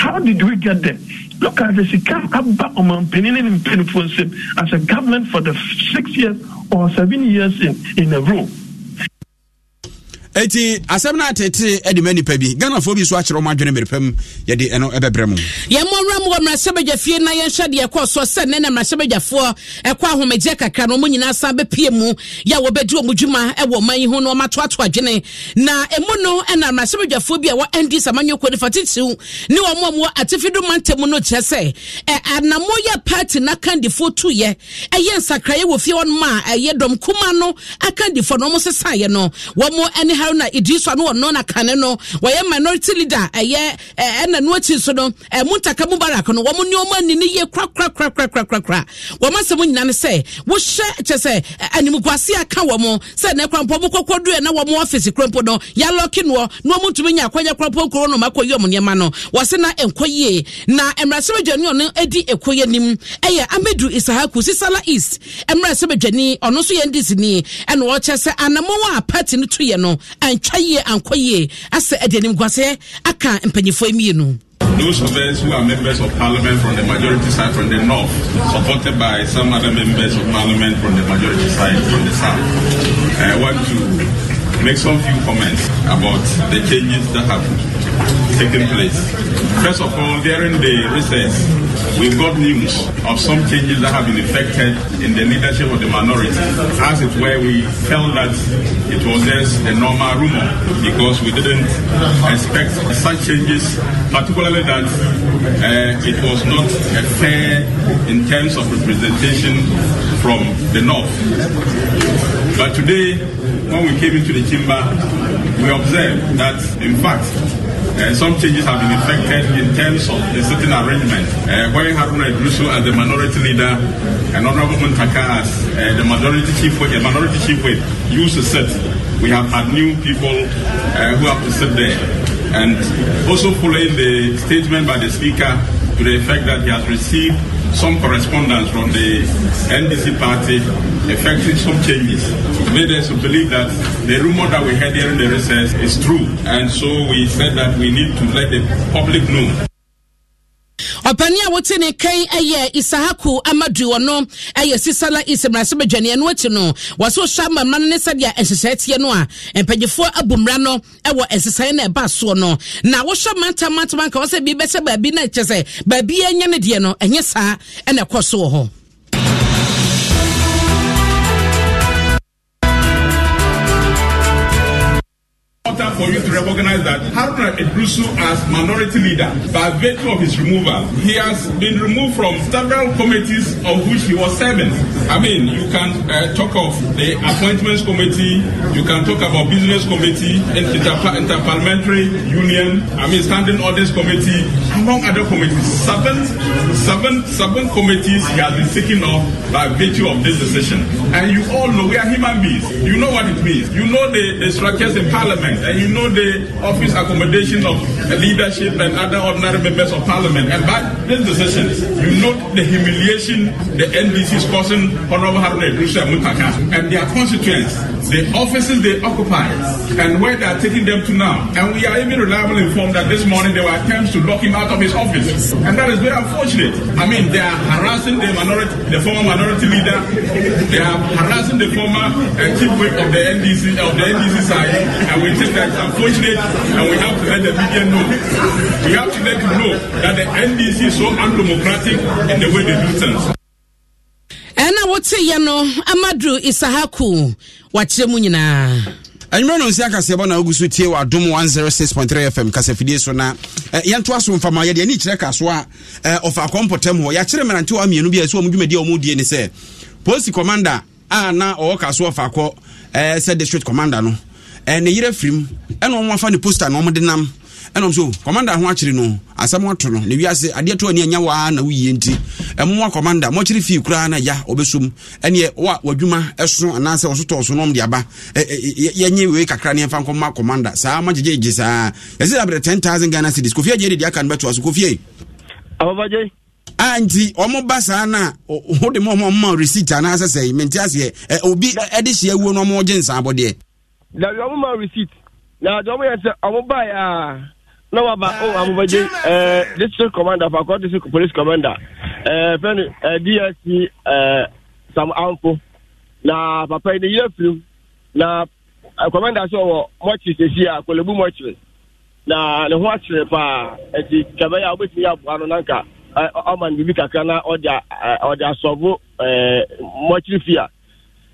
how did we get there look at the sika aba ɔmampanin ne mpanimfoɔ nsam as a government for the six years or seven years in, in a row eti asɛm no atete ɛde ma nipa bi ghanafoɔ bi so akyerɛ ɔma adwene mmerepɛ mu yɛde ɛno ɛbɛbrɛ mu yɛmmɔwura mu wɔ mmarahyɛbagya fie na yɛnhwɛ deɛ ɛkɔɔ soɔ sɛ nɛ na mmarahyɛbagyafoɔ ɛkɔ ahomegye kakra no ɔmu nyinaa san bɛpie mu yɛ wɔbɛdi ɔmu dwuma ɛwɔ ɔma yi ho no ɔmatoato adwene na ɛmu no ɛna mmarahyɛbagyafoɔ bi a wɔ ndi samanyɔkɔ nifa titiw ne wɔn a wɔwɔ atifi do mantam no kyerɛ sɛ ɛ anamoyɛ party na kandifoɔ tuyɛ ɛyɛ nsakrayɛ wɔ fie hɔ nom a ɛyɛ dɔm kuma no akandifoɔ no ɔmo sesaeɛ no wɔn ɛne haruna idris ano wɔ nɔɔna kane no wɔyɛ minority leader ɛyɛ ɛna no akyi so no ɛmu ntaka mu barak no wɔn ní wɔn ani ne yie kura kura kura kura kura kura kura wɔn asɛm nyinaa ne sɛ wɔhyɛ kyɛ sɛ animguase aka wɔn sɛ ne kura mpɔ mu kɔkɔ duɛ na wɔn ɔfisi kura mpo no yalɔki noɔ na wɔn ntumi nya akɔnyɛ kura mpo nkoro no ma kɔ yie wɔn nneɛma no wɔsi na nkɔ yie na mmerɛsɛbɛdwani ɔno adi ɛkɔ yɛ nim ɛyɛ amedu isahaku sisala east mmerɛsɛbɛdwani ɔno nso ni ɛna ɔkyɛ sɛ anamɔwa a party antwa yie ankɔ yie asɛ ɛde animguaseɛ aka mpanyinfoɔ mmienu those of us who are members of parliament from the majority side from the north, supported by some other members of parliament from the majority side from the south, I want to make some few comments about the changes that have taken place. First of all, during the recess, we got news of some changes that have been effected in the leadership of the minority. As it were, we felt that it was just a normal rumor because we didn't expect such changes, particularly that uh, it was not fair in terms of representation from the North. But today, when we came into the chamber, we observed that, in fact, uh, some changes have been effected in terms of the sitting arrangement, uh, where Haruna Idrusu as the minority leader and Honorable Muntaka as uh, the majority chief, the minority chief with, used to sit. We have had new people uh, who have to sit there. And also following the statement by the speaker to the effect that he has received some correspondence from the NDC party effected some changes. Made us believe that the rumor that we heard during the recess is true. And so we said that we need to let the public know. ɔpani a wote ne kɛn ɛyɛ isahaku amadu ɔno ɛyɛ sisala isemrase badwani ɛno akyi no wɔso hyɛ ama no ne sɛdeɛ nhyehyɛe teɛ no a mpanyinfoɔ abu mmara no ɛwɔ nsesae na ɛba soɔ no na wohyɛ mantam mantam anka wɔ sɛ bi bɛhyɛ baabi na ɛkyɛ sɛ baabi ɛnyɛ ne deɛ no ɛnyɛ saa ɛna ɛkɔ so wɔ hɔ important for you to recognize that Haruna Edrusu as minority leader, by virtue of his removal, he has been removed from several committees of which he was serving. I mean, you can uh, talk of the appointments committee, you can talk about business committee, inter interparliamentary union, I mean, standing orders committee, among other committees. Seven, seven, seven committees he has been taken off by virtue of this decision. And you all know we are human beings. You know what it means. You know the, the structures in parliament. And you know the office accommodation of leadership and other ordinary members of parliament. And by this decision, you note know the humiliation the NDC is causing Honorable Haruna Idrissa Mutaka and their constituents, the offices they occupy, and where they are taking them to now. And we are even reliably informed that this morning there were attempts to lock him out of his office. And that is very unfortunate. I mean, they are harassing the minority, the former minority leader. They are harassing the former uh, chief whip of the NDC of the NDC side, and we something that is unfortunate, and we have to let the media know. We have to let them know that the NDC is so undemocratic in the way they do things. ɛna wote yɛ no amadu isahaku wakyerɛ mu nyinaa anwummerɛ no nsi akaseɛbɔ na wogu so tie wɔ 106.3 fm kasafidie so na eh, yɛntoa so mfama yɛde ani kyerɛ ka so a ɔfaakɔ eh, mpɔtam hɔ yɛakyerɛ mmerante wɔ mmienu bi a ɛsɛ wɔ dwumadi a ɔmudie ne sɛ polisi commander a na ɔwɔ ka so ɔfaakɔ eh, sɛ district commander no Eh, ne yerɛ firim ɛna eh, ɔmo afa ne posta na ɔmo de nam ɛna eh, so kɔmanda ho akyere no asɛm ato no na wiase adeɛ to ani anya waa na woyie nti ɛmoa kɔmanda mɔkyere fii koraa na ya ɔbɛsom ɛneɛ wa wadwuma ɛso anaasɛ ɔso tɔɔ so nom de aba yɛnye wei kakra ne ɛmfa nkɔma kɔmanda saa magyegyegye saa yɛsɛ abrɛ 10000 ghana cities kofie agye dedeɛ aka no bɛtoa so kofie ababagye a nti ɔmo ba saa na wode ma ɔmo ɔmo ma receipt anaasɛ sɛ mente aseɛ obi ɛde hyia wuo no ɔmo gye nsaabɔdeɛ na wi ɔmo ma receipt na deɛ ɔmo yɛ sɛ ɔmo baa yɛ a na waba o amobagye ɛɛ district commander fakɔ district police commander ɛɛ fɛn no ɛɛ dsc ɛɛ sam ampo na papa yi ne yɛ firim na commander sɛ ɔwɔ mɔkyiri sɛsi a kolebu mɔkyiri na ne ho akyerɛ paa eti kɛmɛ yɛ a wobɛtumi aboa no nanka ɔma no biribi kakra na ɔde asɔbo ɛɛ mɔkyiri fia.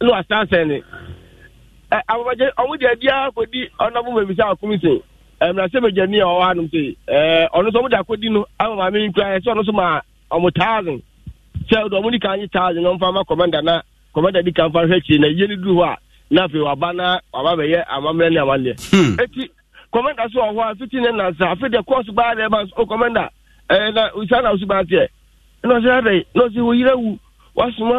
na wasan sɛne ababagye ɔmo deɛ biara kɔdi ɔnabɔ mabisa akom se mmerasɛ bagyani a ɔwɔ hanom se ɔno nso ɔmo de akɔdi no ama maame nkura sɛ ɔno nso ma ɔmo taazin sɛ ɔde ɔmo di kan nye na ɔmfa ma kɔmanda na na yie du a na waba na waba bɛyɛ eti so ne nansa deɛ kɔɔso baa deɛ o ɛɛ na osan na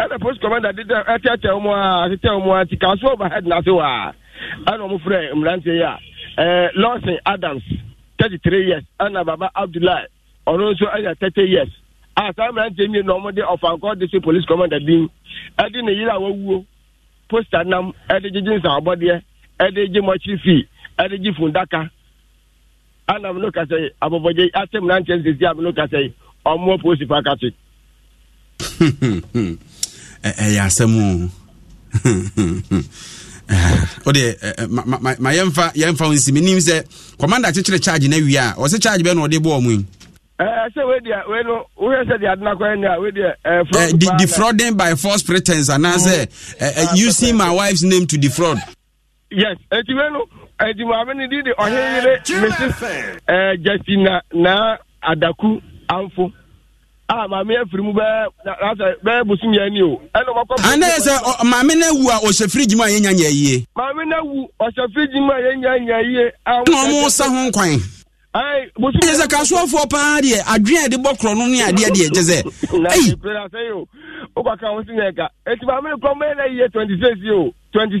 ɛna post commander de tɛ ɛtɛtɛ mu a tetɛ mu a ti na se wa ɛna ɔmo mmeranteɛ yi a ɛɛ lawson adams thirty three years ɛna baba abdullahi ɔno nso ɛyɛ thirty years a saa mmeranteɛ mmienu ɔmo de ɔfankɔ police commander ɛde eh, ne eh, eh, a wawuo posta nam ɛde gyegye nsabɔdeɛ ɛde gye mɔkyiri fii ɛde gye fundaka ɛna a no ɛyɛ asɛm ma yɛmfa yɛmfa wo nsi menim sɛ kɔmanda kyekyere charge no awie a ɔsɛ charge bɛ na ɔde bɔɔ mu defrauding by false pretense anaasɛ mm. using my wife's name to defraud yes ɛnti wei no ɛnti maame no di de ɔheyere mrs justina na adaku amfo a maame afiri mu bɛɛ bɛɛ busum ni o ɛna ɔmɔ kɔ. ana yɛ na wu a ɔhyɛ firiji mu a nya na wu a yɛnya nya yie. ɛna ɔmo sa ho ayi paa deɛ a yɛde bɔ korɔ no ne adeɛ deɛ kyɛ sɛ. ɛyi. na ɛsɛ yi o o kɔ kan o si eti maame kɔ mɛ yie twenty six twenty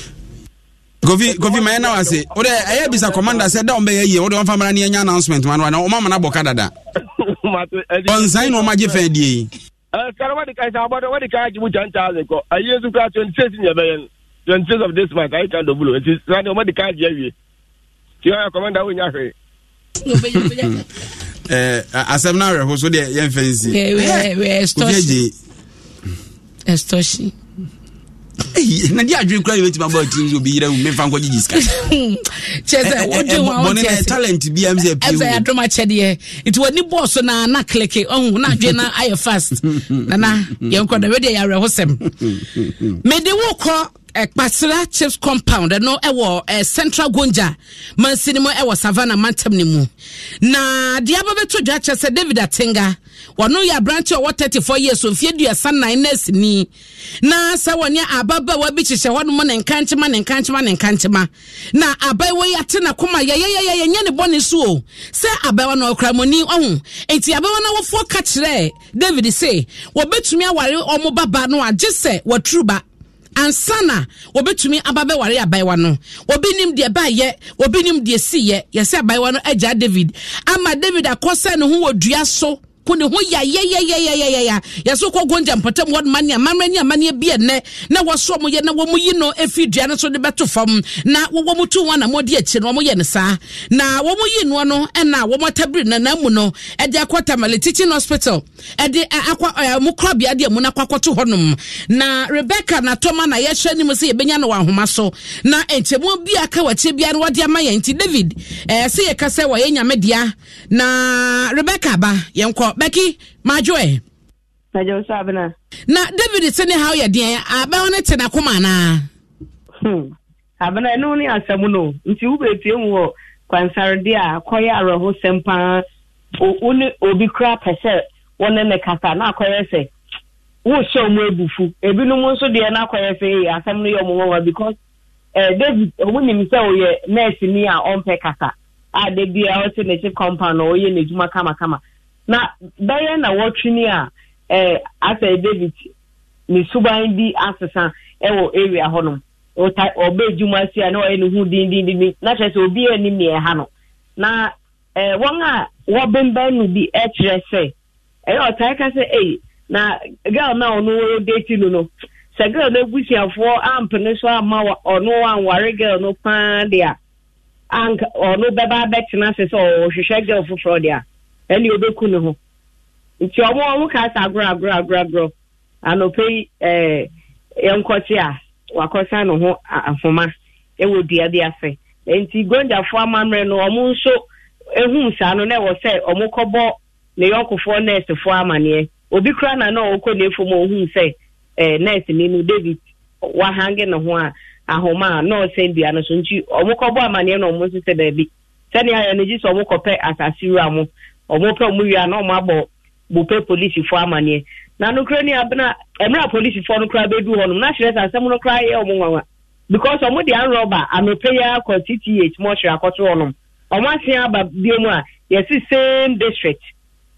kofi kofi mayɛ na wase wode ɛyɛ bisa commander sɛ da ɔmbɛyɛ yie wode wɔmfa mmara ne ɛnya announcement ma no ana ɔma ma no dada ɔnsan na ɔmagye fɛn die sara wade kae sɛ abɔdɛ wade kae agye mu ten thousand kɔ of this month ayi kan dobulo nti sane ɔmade kae agye awie nti ɔyɛ commander wonya hwee eh, asɛm no awerɛho so deɛ yɛmfa nsi na di adwene kura yɛbɛtumi abɔ tim sɛ obi yerɛ mu memfa nkɔ gyegye sika kyɛsɛbɔne eh, eh, eh, na talent bia m sɛ pɛsɛ yɛadom akyɛdeɛ nti w'ani bɔɔ so na na kleke ɔhu na adwene no ayɛ fast nana yɛnkɔ da wɛdeɛ yɛawerɛhosɛm mede wokɔ ɛkpasra chips compound ɛno ɛwɔ ɛ central gonja mansi no mu ɛwɔ savanna, mantam no mu na deɛ abɛbɛto dwa kyɛ sɛ david atenga wɔno yɛ aberante a ɔwɔ four years mfie duasa nan nurse ni na sɛ wɔne ababaawa bi hyehyɛ hɔnom ne nkankyema ne nkankyema ne nkankyema na abaawa yi ate na koma yɛyɛyɛyɛ nyɛ ne bɔne so o sɛ abaawa no ɔkramoni ɔho enti abaawa no awofoɔ ka kyerɛɛ david se wɔbɛtumi aware ɔmo baba no agye sɛ waturu ba ansana wɔbɛtumi aba bɛware abaayewa no obi nim deɛ baayɛ obi nim deɛ siyɛ yɛsɛ abaayewa no agya david ama david akɔsɛ ne ho wɔ dua so ko ya ya ya yɛso kɔ gonja mpɔtam wɔdoma ne amammerɛ ne amanneɛ bi ɛnnɛ na wɔsoɔ mo yɛ na wɔmu yi no ɛfiri dua no so de bɛto fam na wɔwɔ mu to wɔn na mɔde akyi no wɔmo yɛ no saa na wɔmo yi noɔ no ɛna wɔmo atabiri na na mu no ɛde akɔ tamale teaching hospital ɛde akɔ ɛɛ mo korabea deɛ mu na akɔ akɔto na rebecca na tɔma na yɛhyɛ ne mu sɛ yɛbɛnya no wɔ ahoma so na nkyɛmu bi aka wɔ akyire biara wɔde ama yɛn nti david ɛɛ eh, sɛ yɛka sɛ wɔyɛ nyamedea na rebecca ba yɛnkɔ ɔ bɛki madwoɛ Pẹ̀jọ́ sọ Na David sị na ha yɛ deɛ na ne te n'akoma anaa. Hmm. Abena ɛnu ne asɛm no nti wube epie mu wɔ kwansaride a kɔyɛ arɔhosɛm paa o ne obi kura pɛsɛ wɔne ne kasa na akɔyɛ sɛ wohyɛ ebufu ebinom nso deɛ sɛ asɛm no yɛ because eh, David sɛ a ɔmpɛ kasa a de bi a compound na ɔyɛ n'adwuma kamakama. na bɛyɛ na wɔtwini a ɛɛ asɛ david ne suban bi asesa ɛwɔ area hɔnom ɔta ɔbɛ edwuma si a na ɔyɛ ne ho dindindin na kyerɛ sɛ obi a anim na no na ɛɛ wɔn a wɔbɛnbɛn no bi ɛkyerɛ sɛ ɛyɛ ɔtaa ka sɛ ɛyi na girl na ɔno deti no no sɛ girl na ebusuafoɔ ampene so ama ɔno anware girl no paa de a ɔno bɛba abɛtena sɛ sɛ ɔhwehwɛ girl foforɔ de a. ɛne obeku ne ho nti ɔmo ɔmo ka agorɔ agorɔ agorɔ agorɔ anɔpɛ yi ɛɛ a wakɔsa eh, ne eh, ho ahoma ɛwɔ dua bi ase nti gondafo amammerɛ no ɔmo nso ehu saa no na ɛwɔ sɛ ɔmo kɔbɔ ne yɔnkofoɔ nɛɛsefoɔ amaneɛ obi kura na na ɔkɔ mu ohun sɛ ɛɛ nɛɛse david wahange ne ho na dua no so nti ɔmo kɔbɔ na ɔmo nso sɛ baabi sɛnea yɛn no gyi sɛ ɔmo kɔpɛ asase wura mo. ọmụpụ mụ ya na ọmụ agbọ gbupe polisifo amanye na nukre ni abena emra polisifo nukra bedu hɔ nom na kyerɛ sɛ ahịa ọmụ nwa nwa. nwanwa ọmụ ɔmo de anrɔba anope ya akɔ tth mɔhyerɛ akɔto hɔ nom ɔmo ya aba bie mụ a yɛsi same district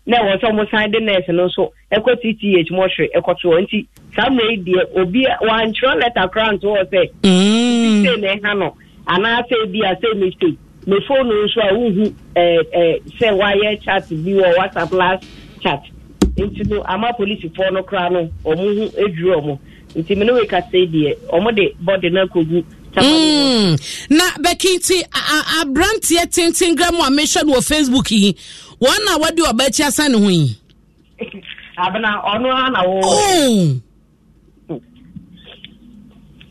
na ɛwɔ sɛ ɔmo san de nurse no nso ɛkɔ tth mɔhyerɛ ɛkɔto hɔ nti saa mmerɛ yi deɛ obi wankyerɛ letter kora nto hɔ sɛ sise na ɛha no ebi a sɛ na phone nso a wohu sɛ wayɛ chat bi wɔ whatsapp last chat nti no e ama polisifoɔ no koraa no ɔmo ho adwiri ɔmo nti mene wei kasɛi deɛ ɔmo de bɔde no akɔgu na bɛki nti aberanteɛ tenten gram a mehwɛ no wɔ facebook yi wɔn na wɔde ɔbaakyi asa ne ho yi abena ɔno a na wɔ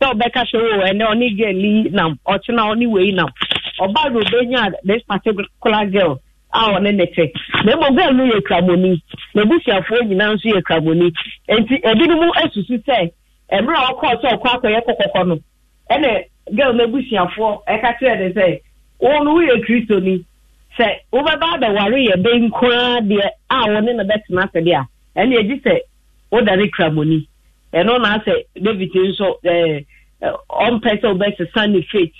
sɛ ɔbɛka sɛ o ɛnɛ ɔne girl yi nam ɔkye na ɔne wei nam ɔba do obenya this particular girl a ɔne ne na mmom girl no yɛ kramoni na nyinaa nso yɛ kramoni nti ebinom asusu sɛ mmerɛ a ɔkɔɔ sɛ ɔkɔ akɔyɛ kɔkɔkɔ no girl ɛka kyerɛ ne sɛ wɔn no woyɛ sɛ abɛware yɛ bɛn koraa deɛ a na bɛtena deɛ a ɛnna sɛ kramoni na asɛ david nso Eh, ɔmpɛ sɛ wobɛsesa ne fet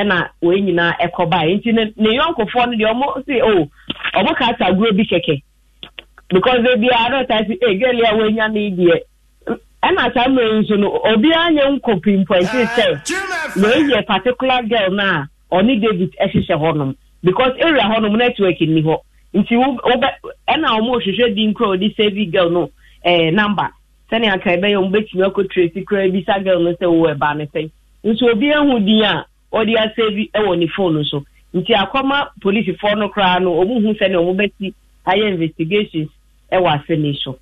ɛna wei nyinaa ɛkɔbae nti ne yɔnkofoɔ no deɛ ọmọ se oh, o ọmọ ka ata agorɔ bi kɛkɛ because ebiaa no ɔtaa si ee eh, gɛli a woanya ne deɛ ɛna saa mmerɛ nso no obiara nyɛ nkɔ pimpɔnti sɛ eh, particular girl david because area network nti di girl no sɛnea aka ɛbɛyɛ ɔmo bɛtumi akɔtresi kura bi sa girl no sɛ wɔwɔ ɛbaa no sɛn nso obi ehu din a ɔde asɛ bi ɛwɔ ne phone no so nti akɔma polisifoɔ no koraa no ɔmo hu sɛnea ɔmo bɛsi ayɛ investigations ɛwɔ asɛ ne so.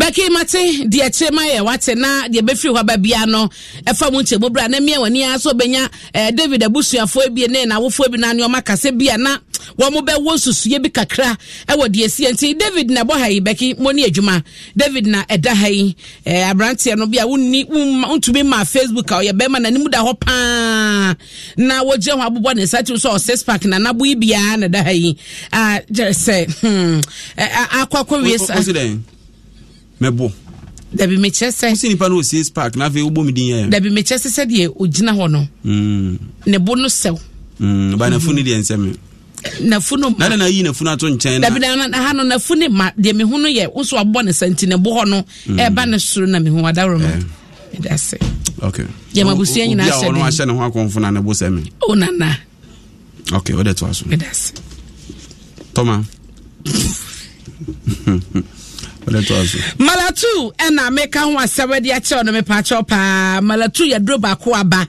bɛki mate deɛ kyerɛ ma yɛ wate na deɛ bɛfiri hɔ aba no ɛfa mu nkyɛmu berɛ na mmea w'ani ara so bɛnya eh, david abusuafoɔ bi ne n'awofoɔ bi na nneɔma kasa bi a na wɔn bɛwɔ nsusuiɛ bi kakra ɛwɔ e deɛ si nti david na ɛbɔ ha yi bɛki mo ne adwuma david na ɛda ha yi ɛɛ eh, aberanteɛ no bi a wunni wuntumi ma facebook a ɔyɛ bɛrima na anim da hɔ paa na wɔgyina hɔ abobɔ ne nsa tiri so ɔsɛ spark na nabo yi biara na ɛda ha yi a gyerɛ sɛ hmm ɛɛ akɔ akɔ wie sa mɛbɔ dabi mekyerɛ sɛ wosi nipa no osie spark na afei wobɔ me din ɛ dabi mekyerɛ sɛ sɛdeɛ ogyina hɔ no mm. ne bo no sɛw mm, banafu no deɛ nsɛm nafunu ma nana ato nkyɛn na na na ha no nafunu ma deɛ me ho no yɛ nso abɔ ne santi ne bo hɔ no mm. ɛɛba ne soro na me ho adaworo eh. ma ɛda sɛ yɛma busua nyinaa hyɛ ne obi a ɔno ahyɛ ne ho akɔnfo na ne bo sɛ mi e. o oh, nana okay o de to aso ɛda malatu ɛna meka ho asɛm de akyerɛ no mepakyɛw paa malatu yɛduro baako aba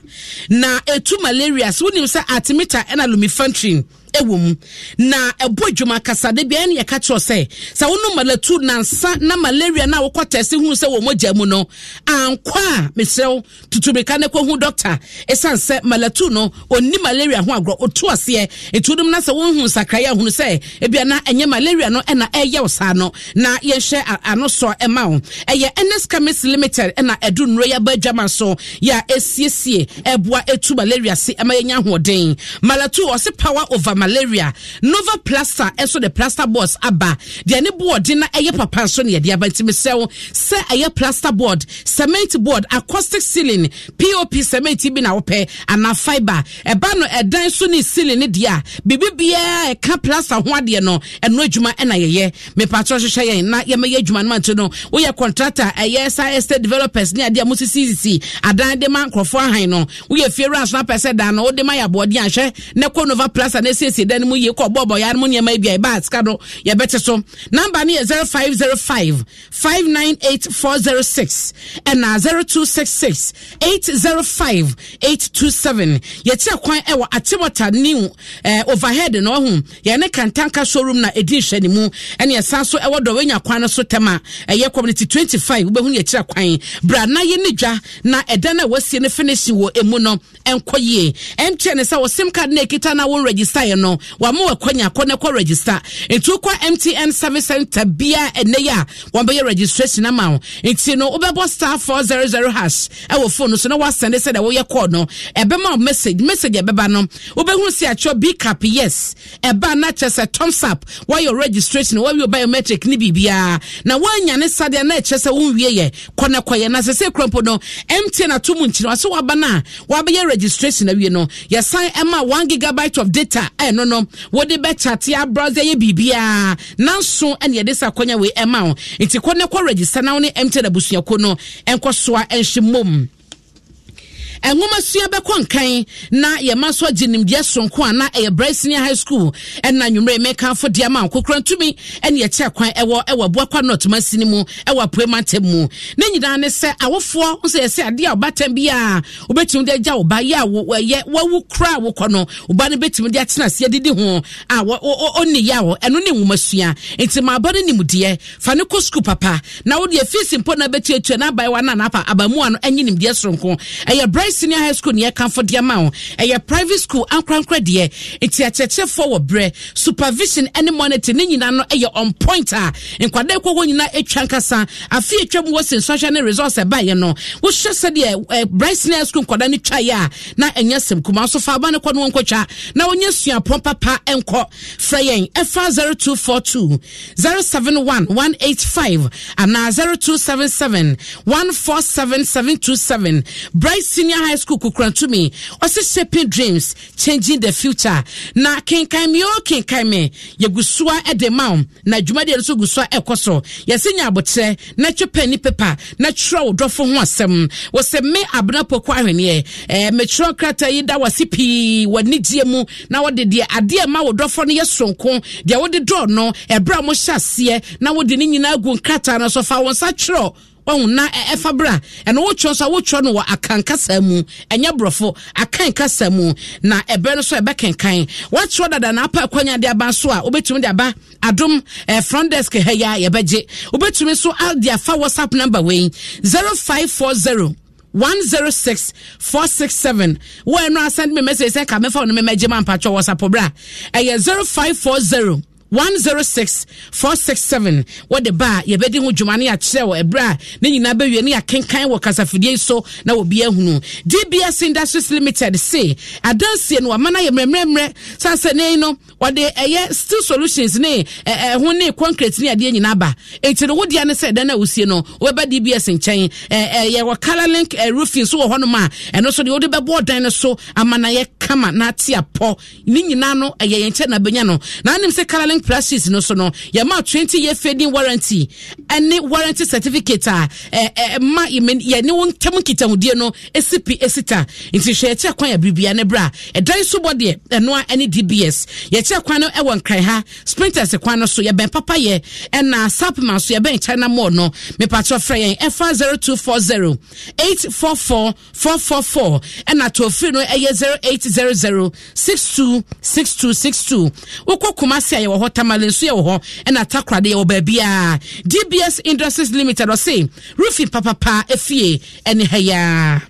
na ɛtu malaria so wonim sɛ artimita ɛna lumifantrin ɛwɔ mu na ɛbɔ dwuma kasa de bia ɛne yɛka kyerɛ sɛ sɛ wono malatu nansa na malaria no a wokɔ tɛse hu sɛ wɔ mogya mu no ankɔ a mesrɛ wo tutumika no kɔhu dɔkta ɛsiane sɛ malatu no ɔnni malaria ho agorɔ ɔto aseɛ ɛtu nom na sɛ wohu nsakraeɛ ahunu sɛ ebia ɛnyɛ malaria no ɛna ɛyɛ wo saa no na yɛnhwɛ ano sɔ ɛma wo ɛyɛ ns chemist limited ɛna ɛdu nnuro yɛaba adwama so yɛ a ɛsiesie ɛboa ɛtu malaria se ɛma yɛnya ahoɔden malatu ɔse power over malaria malaria nova plaster ɛso de plaster boards aba deɛ ne board na ɛyɛ papa nso ne yɛde aba nti mesɛw sɛ ɛyɛ plaster board cement board acoustic ceiling pop cement bi na wopɛ anaa fibre ɛba no ɛdan so ne ceiling ne deɛ a biribi biara ɛka plaster ho adeɛ no ɛno adwuma ɛna yɛyɛ mepatro hyehyɛ yɛn na yɛmɛyɛ adwuma no ma nti no woyɛ contractor ɛyɛ sa estate developers ne adeɛ a mosisisisi adan de ma nkurɔfoɔ ahan no woyɛ fie wura na pɛ sɛ dan no wode ma yɛ aboɔden ahwɛ ne kɔ nova plaster na ɛsɛ asiesie dan mu yie kɔ bɔɔbɔ ya mu nneɛma bi a ɛba asika do yɛbɛte so namba no yɛ zero five zero five five nine eight four zero six ɛna zero two six six eight zero five eight two seven yɛkyerɛ kwan ɛwɔ atibɔta new ɛɛ eh, overhead na ɔho yɛn ne kantanka showroom na edi nhwɛ ne mu ɛna yɛsan so ɛwɔ dɔ wenya kwan no so tɛm a ɛyɛ community twenty five wobɛhu yɛkyerɛ kwan bra na yɛ ne dwa na ɛdan a wɔasie ne finishing wɔ emu no ɛnkɔ yie ɛnkyɛn ne sɛ wɔsim card na ekita na wɔn register yɛ no wɔama wakɔnya akɔ no kɔ register nti wokɔ mtn service center biaa ɛnɛ yi a wɔbɛyɛ registration ama wo nti no wobɛbɔ star 400 hash ɛwɔ phone so na woasɛnde sɛdeɛ woyɛ kɔɔ no ɛbɛma wo message message ɛbɛba no wobɛhu si akyerɛ b cap yes ɛba na kyerɛ sɛ toms up woayɛ registration woawie biometric ni biribiaa na woanya ne sadeɛ na ɛkyerɛ sɛ wonwie yɛ kɔ no kɔyɛ na sɛ sɛ kurampo no mtn ato mu nkyini wɔ sɛ woaba no a woabɛyɛ registration awie no yɛsan ɛma 1 gigabyte of data ɛno eh, no wode bɛkyate abrɔdze yɛ biribiaa nanso ɛne yɛde sa akɔnya wei ɛma eh, wo nti kɔ ne kɔ register na wo ne mtn abusuako no ɛnkɔsoa ɛnhye mmom nwoma sua bɛkɔ nkan na yɛma nso agye nimdeɛ sonko a na ɛyɛ bright senior high school ɛna nwummerɛ mɛka afo deɛ ma nkokora ntumi ɛne ɛkyɛ kwan ɛwɔ ɛwɔ aboakwa nɔtoma sini mu ɛwɔ apoe mantam mu ne nyinaa ne sɛ awofoɔ nso yɛsɛ adeɛ a ɔbatam bi a wobɛtumi de agya wo ba yɛ a wɔyɛ wawu kora a wokɔ no wo ba no bɛtumi de atena aseɛ didi ho a ɔnne yɛ a wɔ ɛno ne nwoma sua nti maaba no nimdeɛ fa ne kɔ sukuu papa na wode afisi mpo na bɛtuatua na abaewa no anapa abamu a no ɛnye nimdeɛ soronko ɛyɛ bright high senior high school near yɛkamfo deɛ ma wo ɛyɛ private school ankorankora deɛ nti akyerɛkyerɛfoɔ wɔ berɛ supervision any monitor ne nyinaa no yɛ on point a nkwadaa ɛkɔ hɔ nyinaa atwa nkasa afei atwa mu wɔ sen social ne resource ɛbaeɛ no wohyɛ sɛdeɛ bright senior high school nkwadaa no twaeɛ a na ɛnyɛ sɛm kuma nso fa aba no kɔ no wɔnkɔtwa na wɔnyɛ suapɔn papa nkɔ frɛ yɛn ɛfa 0242 071 185 anaa 0277 147727 bright senior senior high school Tumi, ɔsɛ shaping dreams changing the future na kenkan mi o kenkan mi yɛgu soa na dwumadeɛ no so gu soa ɛkɔ so yɛsɛ nya abotire na twe pɛ ni pepa na twerɛ wo dɔfo ho asɛm wɔsɛ me abena pɔkɔ ahweneɛ ɛɛ eh, mɛtwerɛ krataa yi da wasi pii w'ani gyeɛ mu na wɔde deɛ adeɛ ma wo dɔfo no yɛ sonko deɛ wode dɔɔ no ɛberɛ a mo aseɛ na wode ne nyinaa gu nkrataa no so fa wɔn nsa twerɛ ɔhun na ɛfa bra ɛna wotwerɛ so a wotwerɛ no wɔ akankasa mu ɛnyɛ borɔfo akankasa mu na ɛbɛn no so ɛbɛkenkan wɔatwerɛ dada na apa akwanya de aba so a wobɛtumi de aba adom ɛɛ front desk ha yi a yɛbɛgye wobɛtumi so de afa whatsapp number wei zero five four zero. 106 467 wɔn ɛno asɛn mi message sɛ kàmɛfà ɔno mi mɛgye ma mpatwɛ wɔ sapɔ bra ɛyɛ 0540 106 467 wɔde ba a yɛbɛdi ho dwuma ne akyerɛ wɔ ɛberɛ a ne nyinaa bɛwie ne yɛkenkan wɔ kasafidie so na wɔbi ahunu dbs industries limited se adansie no wama no yɛ mmerɛmmerɛmmerɛ san sɛ nei no wɔde ɛyɛ still solutions ne ɛho eh, eh, ne concrete ne adeɛ nyinaa eh, ba enti no wodeɛ ne sɛ ɛdan no a wosie no wobɛba dbs nkyɛn yɛwɔ color link roofing so wɔ hɔnom a ɛno so deɛ wode bɛbɔ ɔdan no so ama na yɛ kama na ate apɔ ne nyinaa no ɛyɛ yɛnkyɛ na bɛnya no na anim sɛ color link current prices no so no yɛma 20 year fading warranty ɛne warranty certificate a ma yɛne wo ntam nkitahodie no ɛsi pi ɛsi ta nti hwɛ yɛkyɛ kwan yɛ biribia ne berɛ a ɛdan so bɔ deɛ ɛnoa ɛne dbs yɛkyɛ kwan no ɛwɔ nkran ha sprinters kwan no so yɛbɛn papa yɛ ɛna sapma so yɛbɛn china mall no mepatɔ frɛ yɛn ɛfa 0240 844 444 ɛna tofiri no ɛyɛ 0800 626262 wokɔ kuma se a yɛwɔ hɔ watermelon so yɛwɔ hɔ ɛna takorade yɛwɔ baabiaa dbs industries limited ɔse roofing papapa efie ɛne ha yaa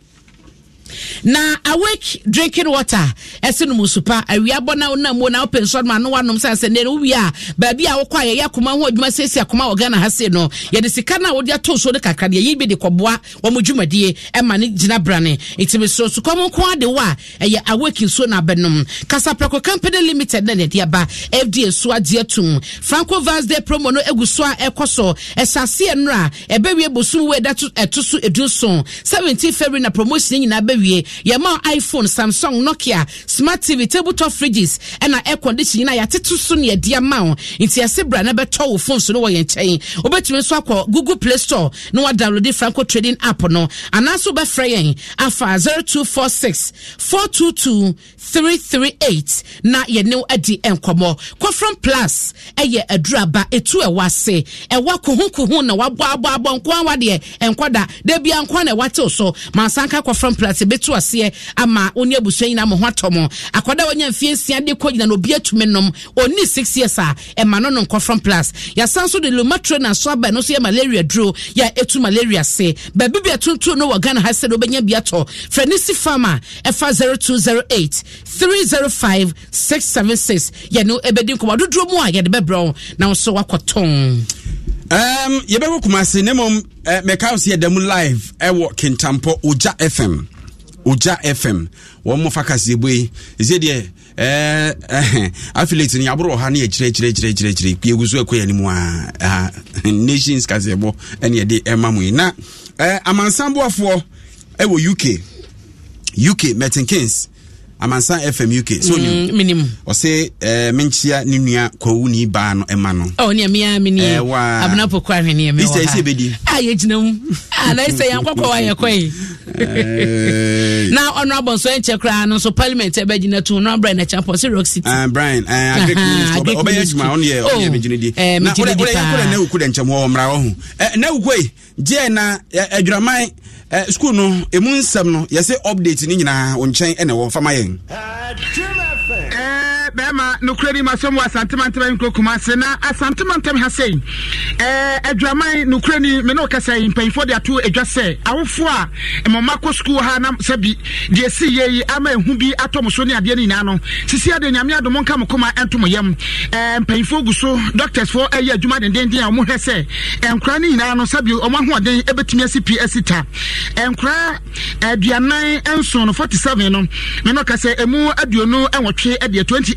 na awake drinking water ɛsi no mu supa awia bɔ na na mu na wopɛ nsɔ ma no wanom sɛ sɛ nenu wia baabi a wokɔ a yɛyɛ akoma ho adwuma siesie akoma wɔ ghana ha sei no yɛde sika no a wode ato so no kakra deɛ yɛyi bi de kɔboa wɔn dwumadie ɛma ne gyina brane nti mesoro sukɔm nko ade wa. a ɛyɛ awake nsuo na abɛnom kasaprako company limited na yɛde aba fda so adeɛ tum franco vasde promo no egu so a ɛkɔ so ɛsase ɛnura ɛbɛwie bosom wɔ ɛda ɛto so edu so seventeen february na promotion nyinaa bɛwie awie yɛma iphone samsung nokia smart tv tabletop fridges ɛna air condition nyinaa yɛatete so ne yɛde ama wo nti yɛse bra na bɛtɔ wo phone so no wɔ yɛn nkyɛn wobɛtumi nso akɔ google play store na wadownloade franco trading app no anaasɛ wobɛfrɛ yɛn afa 0246 422 338 na yɛne adi nkɔmmɔ kɔfrɔm plus ɛyɛ aduraba ɛtu ɛwɔ ase ɛwɔ kohokoho na wabɔabɔabɔ nkoa wadeɛ ɛnkɔda da bia nkoa na ɛwatew so mansanka kɔfrɔm plus ɛbɛ bɛtu aseɛ ama wɔn abusua na mo ho atɔ mo akwadaa wɔn nyɛ mfie nsia de kɔ gyina na obi atumi nom oni six years a ɛma no no nkɔ from plus yasan nso de lomatron aso aba no nso yɛ malaria duro yɛ etu malaria se baabi bi atuntum no wɔ ghana ha sɛ de obɛnya bi atɔ frenisi farmer ɛfa zero two zero eight three zero five six seven six yɛ no ebedi nkɔmɔ dodoɔ mu a yɛde bɛbrɛ wɔn na nso wakɔtɔn. Um, yɛbɛkɔ kumase ne mmom uh, mɛka wo sɛ yɛda mu live ɛwɔ eh, kintampɔ ogya fm ụja fm wọmụfa kasị egbe ezedie eh, eh, eh, afilet ni abụrụ ah, ah, ha na ejire ejire ejire ejire ejire ikpe egwuzo ekwe ya n'imu ha nations kasị egbo na ịdị mma mụ na amansambu afọ ewo uk uk metin kings. amansa fm uk so mm, ɔse eh, menkyia ne nua kwawuni baa no ma no oh, nea mea mene eh, abenapo kora ne bɛdi ah, ah, a yɛgyina mu eh. na ɛsɛ yɛnkɔkɔ wa yɛkɔe na ɔnoabɔ nso ɛnkyɛ koraa no nso parliament ɛbɛgyina to no abrɛ nakyapɔ sɛ rock na mmara wɔ ho eh, na gyeɛ na eh, adwuraman Eh, sukuu no ɛmu nsɛm no yɛsɛ update ni nyinaa wo nkyɛn ɛne wɔ fama yɛn sɛ bɛrima nokorɛ ni masɛm wɔ asantemantam nkuro kuma se na asantemantam ha sei adwaman nokorɛ ni me ne wokasa yi mpanyimfoɔ de ato adwa sɛ awofoɔ a mmɔma kɔ sukuul ha na sɛ bi deɛ ɛsi yɛ yi ama ɛhu bi atɔ mo so ne adeɛ no nyinaa no sisi adeɛ nyame adom nka mo koma ɛnto mo yam mpanyimfoɔ gu so doctorsfoɔ ɛyɛ adwuma dendenden a wɔhwɛ sɛ nkora no nyinaa no sɛbi ɔmo ahoɔden ɛbɛtumi asi pii asi ta nkora aduanan nson no forty seven no me ne wokasa ɛmu aduonu nwɔtwe ɛdeɛ twenty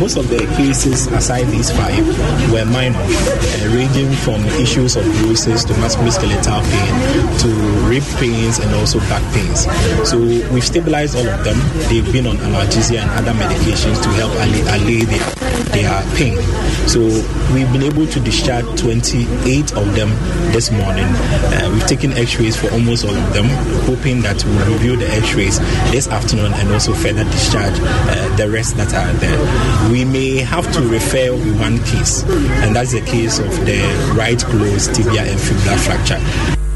Most of the cases, aside these five, were minor, uh, ranging from issues of bruises to musculoskeletal pain to rib pains and also back pains. So we've stabilized all of them. They've been on analgesia and other medications to help allay, allay their, their pain. So we've been able to discharge 28 of them this morning. Uh, we've taken x-rays for almost all of them, hoping that we'll review the x-rays this afternoon and also further discharge uh, the rest that are there we may have to refer one case, and that's the case of the right closed tibia and fibula fracture.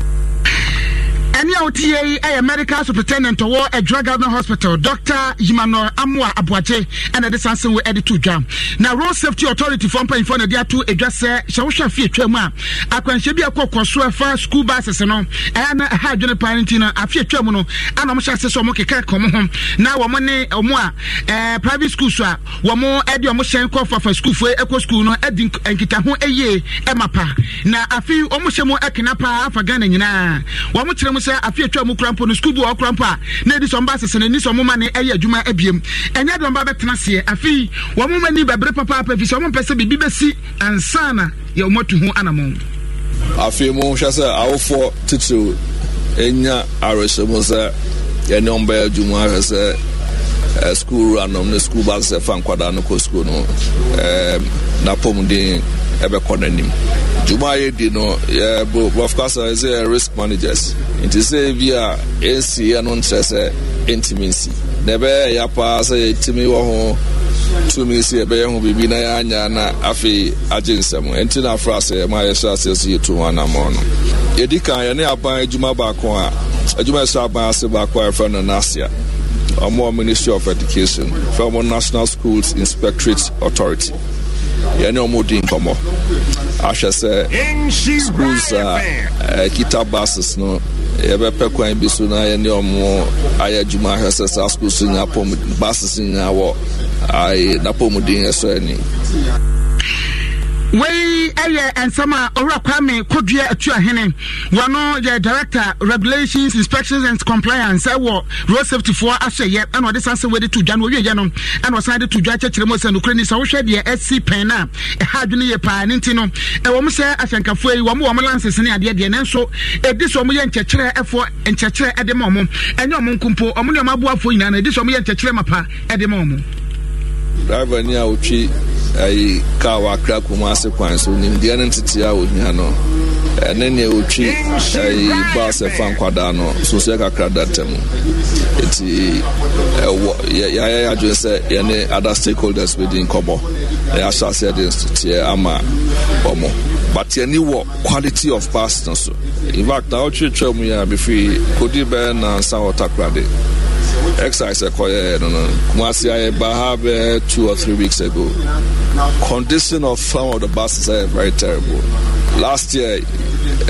ɛne a wote yɛ yi ɛyɛ medical superintendent ɔwɔ adwuma government hospital Doctor yimano amoa aboagye ɛna ɛde san sɛn wɔ ɛde to dwa na road safety authority fɔ mpanyinfoɔ na ɛde ato adwa sɛ hyɛ wohwɛ fie twa mu a akwanhyɛ bi akɔkɔ so ɛfa school buses no ɛyɛ na ɛha adwene paa nti no afie twa mu no ana wɔn hyɛ ase sɛ wɔn keka kɔn ho na wɔn ne wɔn a ɛɛ private school so a wɔn ɛde wɔn hyɛn kɔ fafa school foe ɛkɔ school no ɛdi nkitaho ɛyie ɛma pa na afei wɔn hyɛ mu ɛkena paa afa ghana nyinaa wɔn kyerɛ mu sɛ sɛ afe atwa mu korampo no sukuu bi wɔ korampo a na ɛdi sɛ ɔmba asese no ɛni sɛ ɔmoma ne ɛyɛ adwuma abiem ɛnyɛ de ɔmba bɛtena seɛ afei wɔn mo ani bɛbere papaapa fi sɛ ɔmo mpɛ sɛ biribi bɛsi ansa na yɛ ɔmo atu ho anamɔ. afei mo hwɛ sɛ awofoɔ titiriw enya awerɛhyɛ mu sɛ yɛne ɔmo bɛyɛ adwuma ahwɛ sɛ ɛɛ sukuu wura nom ne sukuu baako sɛ fa nkwadaa no kɔ sukuu no ɛɛ napɔmuden ɛbɛkɔ n'anim dwuma yɛ di no yɛ bo bɔfkasa ɛsɛ yɛ risk managers nti sɛ bi a ɛnsi yɛ uh, no nkyerɛ sɛ ɛntumi nsi na ɛbɛyɛ yɛ paa sɛ yɛtumi wɔ ho tumi sɛ yɛbɛyɛ ho biribi na yɛanya na afei agye nsɛm ɛnti na afra sɛ ma yɛhyɛ aseɛ so yɛtu ho anammɔ no yɛdi kan yɛne aban adwuma baako a adwuma ɛsɛ aban ase baako a yɛfrɛ no nasia ɔmo ministry of education fɛ ɔmo national schools inspectorate authority yɛne ɔmo di nkɔmmɔ acha sɛ eh, schools eh, tá é é é a ɛkita buses no yɛbɛpɛ kwan bi so na yɛne ɔmo ayɛ adwuma ahwɛ sɛ saa schools nyinaa pɔm buses nyinaa wɔ napɔmuden ɛsɔ ani wei ɛyɛ nsɛm a owura kwame kodua atuahene wɔno yɛ director regulations inspections and compliance ɛwɔ road safety foɔ ahyɛyɛ ɛna ɔde san sɛ wɔde to dwa no wɔwieyɛ no ɛna ɔsan de to dwa kyɛkyerɛ mu sɛ nokorɛ ni sɛ wohwɛ deɛ ɛsi pɛn no a ɛha adwene yɛ paa ne nti no ɛwɔ m sɛ ahyɛnkafoɔ yi wɔm wɔ m lances ne adeɛ deɛ nanso ɛdi sɛ ɔmoyɛ nkyɛkyerɛ ɛfoɔ nkyɛkyerɛ ɛde ma ɔmo ɛnyɛ ɔmo nko mpo ɔmo ne ɔmo aboafoɔ nyinaa no ɛdi sɛ ɔmoyɛ nkyɛkyerɛ mapa ɛde ma ɔmo driver ni a wotwi ɛyi kaa wakra kumase kwan so nimdeɛ no ntete a ohia no ɛne neɛ ɔtwi ɛyi bas ɛfa nkwadaa no soso kakra data mu ɛti ɛwɔ yɛayɛ adwene sɛ yɛne ada stakeholders bɛdi nkɔmmɔ na yɛahyɛ aseɛ de nsoteɛ ama ɔmo but yɛni wɔ quality of pass no so in fact na wɔtwerɛtwerɛ mu yɛ a bɛfiri kodi bɛyɛ nansa wɔ takorade exercise ɛkɔyɛ no no kumasi ayɛ ba ha two or three weeks ago condition of some of the buses are very terrible last year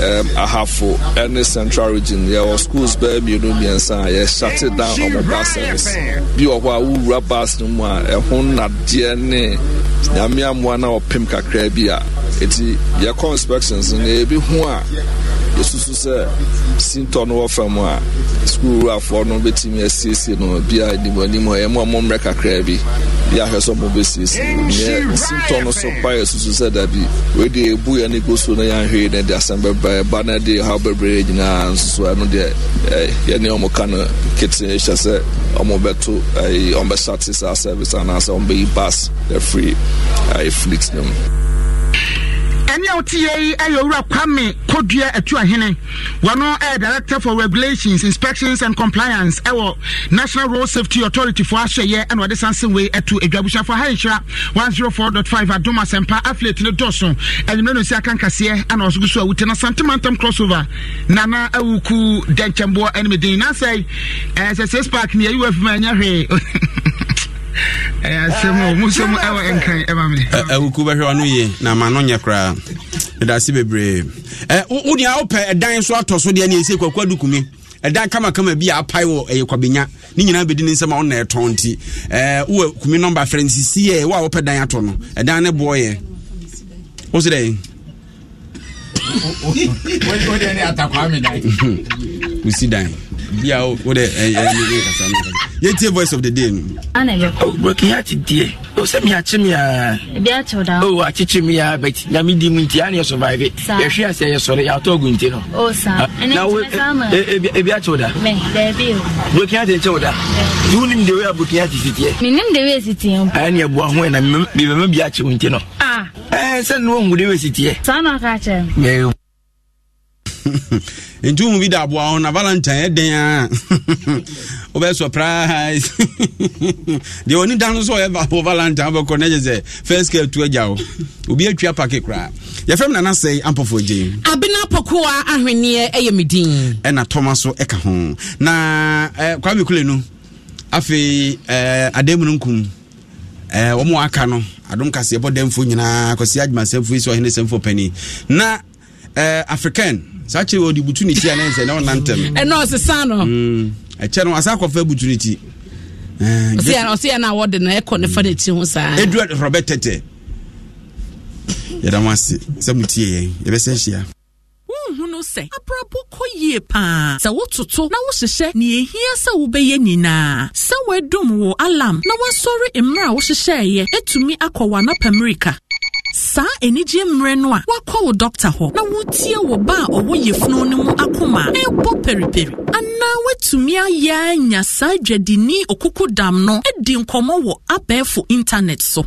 um, for any central region were schools bɛɛ mmienu mmiɛnsa shut it down ɔmo bus service bi wɔ a wowura bus no mu a ɛho nadeɛ ne nyame one na ɔpem kakra bi a ɛti yɛkɔ inspections no ebi ho a yɛsusu sɛ sintɔ no wɔ fam a sukuu wurafoɔ no bɛtumi asiesie no bia anim anim ɛyɛ mu a mo mmerɛ kakraa bi bi ahwɛ sɛ mo bɛsiesie neɛ sintɔ no so pa yɛsusu sɛ dabi wei deɛ ɛbu yɛ ne go so no yɛanhwee ne de asɛm bɛba ɛba no de haw bebree nyinaa nsoso ɛno deɛ yɛne ɔmo ka no kete hyɛ sɛ ɔmo bɛto ɔmo bɛhyɛ ate saa service anaasɛ ɔmo bɛyi bus afiri fleet no mu ɛne a woteɛ yi ɛyɛ owura kwame kodua atuahene wɔno ɛyɛ director for regulations inspections and compliance ɛwɔ national road safety authority for ahwɛyɛ ɛna ɔde sansen wei ɛto adwabusuafo ha nhyira 104.5 adom asɛmpa aflet no dɔso ɛnimɛ no si akankaseɛ ɛna ɔsogo so a wute na santemantam crossover nana awuku dɛnkyɛmboɔ ɛne medin na sɛ ɛsɛ sɛ spark ne ayiwa afima ɛnyɛ hwee ɛsɛmmusɛm awuku bɛhwɛ wano ye na ma no nyɛ koraa medase bebree wopɛ ɛdan so so deɛ ne dukumi ɛdan kamakama bi a apae wɔ ɛyɛ kwabenya ne nyinaa bɛdi ne nsɛm a wona ɛtɔn nti wowɔ kumi nɔmba frɛ wo a wopɛ dan atɔ no ɛdan ne boɔyɛ wo dan bia o wo de ɛyɛ eh, eh, ɛyɛ kasa no yɛtie voice of the day no. ana yɛ kɔ. brokin ya ti die o sɛ mi akyi mi aa. ebi akyɛw da. o akyikyi mi aa bɛti na mi di mu nti ani yɛ survive. saa yɛhwɛ ase yɛ sɔrɔ yɛ atɔ gu nti no. o saa ɛnɛ nkyɛn saa ma. ebi ebi akyɛw da. mɛ dɛbi o. brokin ya ti nkyɛw da. tu nim de wei a brokin ya ti si tiɛ. mi nim de wei si tiɛ. ɛyɛ ni ɛbu ahoɛ na mi mɛ bi akyɛw nti no. aa. ɛɛ sɛ nti bi da aboa ho na valentine ya a wobɛyɛ surprise deɛ ɔni da no so ɔyɛ bɔ valentine wobɛkɔ na ɛgye sɛ first care tu agya wo obi atwa pake koraa yɛfrɛ nana sɛe ampɔfoɔ gye abena pɔkoa ahwenneɛ ɛyɛ ɛna tɔma so ɛka ho na eh, no afei eh, no nkum eh, aka no adom kaseɛ bɔ nyinaa kɔsi yi sɛ ɔhene pani na eh, african saa kyerɛ wɔde butu ne ti anɛ nsɛ na ɔnantɛm ɛnɔ sesa no hmm. ɛkyɛ no asa kɔfa butu ne ti eh, ɔsɛ na wɔde no ɛkɔ ne fa ne ti ho saa ɛdua rɔbɛ tɛtɛ yɛda mo ase sɛ motie yɛn yɛbɛsɛ hyia wohunu sɛ abrabɔ kɔ yie paa sɛ wototo na wohyehyɛ nea ehia sɛ wobɛyɛ nyinaa sɛ woadum wo alam na woasɔre mmerɛ a wohyehyɛeɛ atumi akɔ w'anapa mmirika saa anigye mmerɛ no a wakɔ wo dɔkta hɔ na wotie wɔ ba a ɔwɔ yɛfunu no mu akoma a ɛbɔ periperi anaa watumi ayɛ anya saa dwadini okuku dam no di nkɔmmɔ wɔ abɛɛfo internet so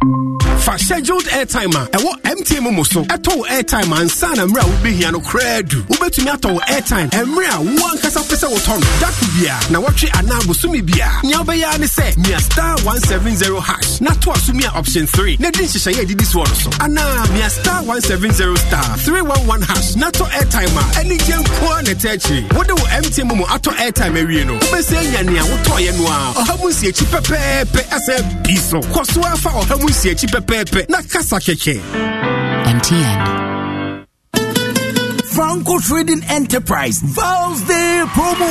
fa scheduled airtime a ɛwɔ MTN mu so ɛtɔ wo airtime ansa na mmerɛ a wobɛhia no koraa du wobɛtumi atɔ wo airtime mmerɛ a wo ankasa pɛ sɛ wotɔ no dako bia na wɔtwe anaa bosome bia nea wobɛyɛ ne sɛ mia star 170 hash na to a so mi a option 3 na di nhyehyɛeɛ adidi soɔ no so anaa na star 170 star 311 hash na to airtime a ɛne gye nko a ne ta akyiri wode wo mtm mu atɔ airtime awie no wobɛsɛ anya nea wotɔɔyɛ no a ɔha mu nsiakyi pɛpɛɛpɛ ɛsɛ bi so kɔ afa ɔha mu nsiakyi pɛpɛɛpɛ na kasa kɛkɛ mtn Franco Trading Enterprise Val's Day Promo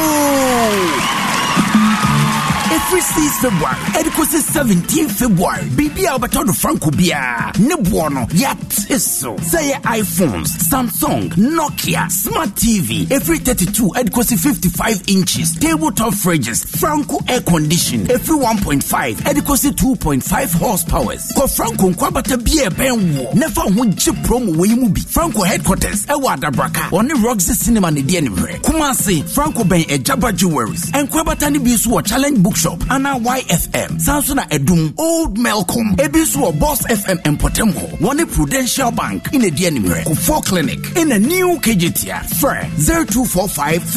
ɛfiri 6 february ɛde kɔsi 17 february biribi a wobɛtɔ do franco biara ne boɔ no yɛate so sɛ yɛ iphones samsung nokia smart tv ɛfiri 32 ɛde kɔsi 55 inches Table top fridges franco air condition ɛfiri 1.5 ɛde kɔsi 2.5 horsepowers kɔ franco nkwabata bi a ɛbɛn wo na fa ho gye promo wɔ yi mu bi franco headquarters ɛwɔ adabraka ɔne roxy cinema ne deɛ ne brɛ kumase franco bɛn agyaba jewelries nkwabata no bi nso wɔ challenge book Anna YFM. Samsung Edum Old Malcolm Ebisu Boss FM and Potemko, One Prudential Bank in a Dianimere. Four Clinic in a new KGTR. Frɛ 0245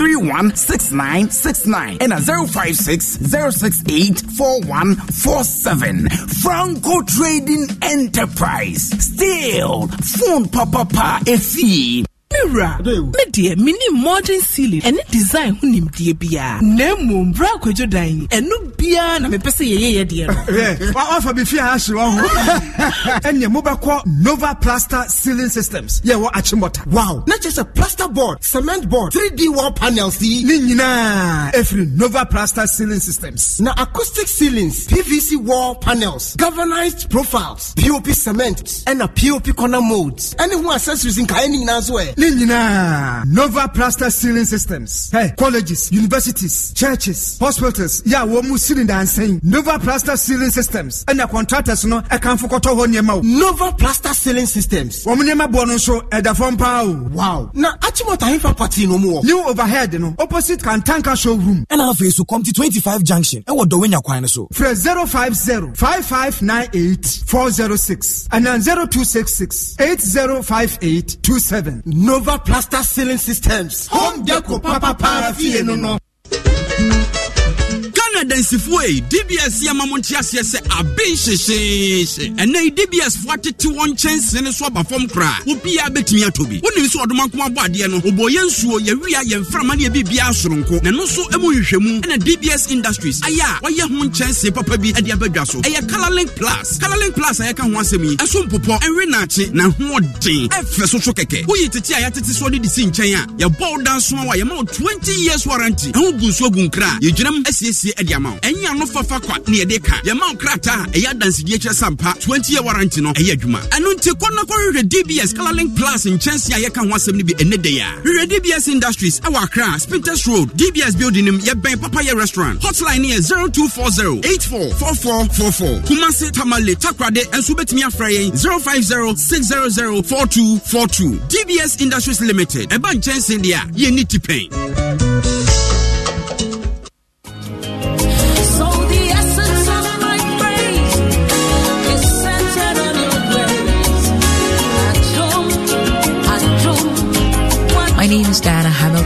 and a 056 Franco Trading Enterprise. Still, phone papa pa FE. mewura me deɛ menim modern ceiling ɛne design ho nimdeɛ biara na mmom bra akwadwo dan yi ɛno biara na mepɛ sɛ yɛyɛyɛ deɛ no wafa bi fie a ahye wɔ ho ɛneɛ mobɛkɔ nova plaster ceiling systems yɛwɔ akyemmɔta wow na kyerɛ sɛ plaster board cement board 3d wall panels yi ne nyinaa ɛfiri e nova plaster ceiling systems na acoustic ceilings pvc wall panels galvanized profiles pop cement ɛna pop corner molds ɛne ho accessories nkaeɛ ne nyinaa nso ɛ ne nyinaa nova plaster ceiling systems hey, colleges universities churches hospitals yɛ a wɔn mu siri dansɛn nova plaster ceiling systems ɛna contractors no ɛkanfo e kɔtɔ hɔ nneɛma o. nova plaster ceiling systems. wɔn nneɛma bɔ no nso ɛda e fam paa o. wow na achimota hefa party no mu wɔ. new overhead no opposite kantanka showroom. ɛna afei so kɔmti twenty five junction ɛwɔ e dɔwɛnya kwan no so. frɛ zero five zero five five nine eight four zero six ɛna zero two six six eight zero five eight two seven nova plaster ceiling systems home deco papapa fie no no ɛna yi dbs yɛ ma mo nte aseɛ sɛ abe hyehyeehye ɛnɛ yi dbs foɔ atete wɔn nkyɛnsee no so aba fam koraa obiara bɛtumi atɔ bi wonim sɛ ɔdoma nko abɔ adeɛ no ɔbɔ yɛn nsuo yɛwia yɛn mframa ne ɛbiribia asoronko na ɛno nso mu nhwehwɛmu ɛna dbs industries ayɛ a wɔyɛ ho nkyɛnsee papa bi de abadwa so ɛyɛ colorlink plus colorlink plus a yɛka ho asɛm yi ɛso mpopɔ ɛnwe naakye na hoɔden ɛfɛ so so kɛkɛ woyi tete a yɛatete soɔ ne de si nkyɛn a yɛbɔ wo dansoa w a yɛma wo 20 years warranty ɛho gu nsuo gu nkra yɛgyinam asiesie ɛde de ɛnyɛ ano fafa kwa ne yɛde ka yɛma wo krataa a ɛyɛ adansedie kyerɛ sampa 20 year warranty no ɛyɛ adwuma ɛno nti kɔ na kɔhwehwɛ dbs colorlink plus nkyɛnse a yɛka ho asɛm no bi ɛnɛ dei a hwehwɛ dbs industries ɛwɔ akra spinters road dbs building nim yɛbɛn papayɛ restaurant hotline ne yɛ 0240 844444 kumase tamale takrade ɛnso wobɛtumi afra yɛn 0506004242 dbs industries limited ɛba nkyɛnse deɛ a yɛnni tipɛn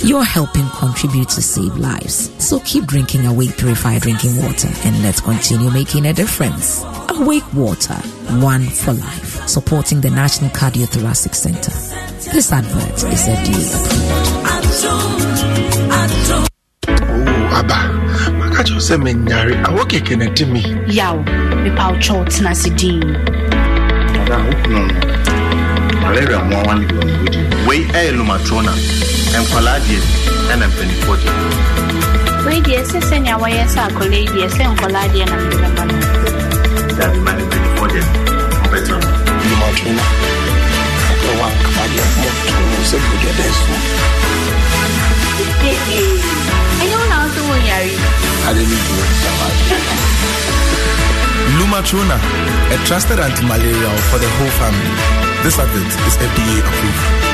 you're helping contribute to save lives. So keep drinking Awake Purified Drinking Water and let's continue making a difference. Awake Water, one for life. Supporting the National Cardiothoracic Center. This advert is a deal approved. aba maka kyerɛ sɛ na di me yaw mepaw kyɛw tena se din malaria mmoawa nkwadaa deɛ ɛna mpanimfoɔ deɛ. wei deɛ ɛsɛ sɛ nea wɔyɛ sɛ akwadaa yi deɛ sɛ nkwadaa deɛ na mede bɛma no. dabi a trusted anti-malarial for the whole family. This product is FDA approved.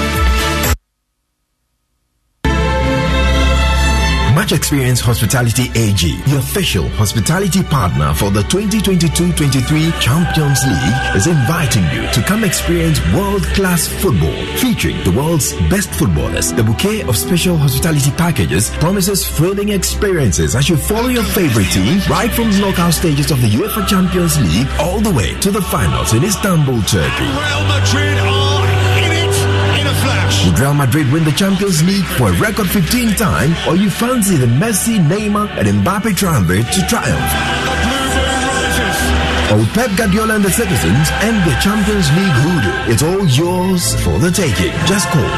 Match Experience Hospitality AG, the official hospitality partner for the 2022-23 Champions League, is inviting you to come experience world-class football featuring the world's best footballers. The bouquet of special hospitality packages promises thrilling experiences as you follow your favorite team right from the knockout stages of the UEFA Champions League all the way to the finals in Istanbul, Turkey. Should Real Madrid win the Champions League for a record 15 time, or you fancy the Messi, Neymar, and Mbappe triumvirate to triumph? Will Pep Guardiola and the citizens end the Champions League hoodoo. It's all yours for the taking. Just call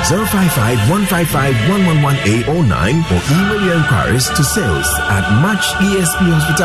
055-155-1118 or 9 or email your inquiries to sales at matchesphospital.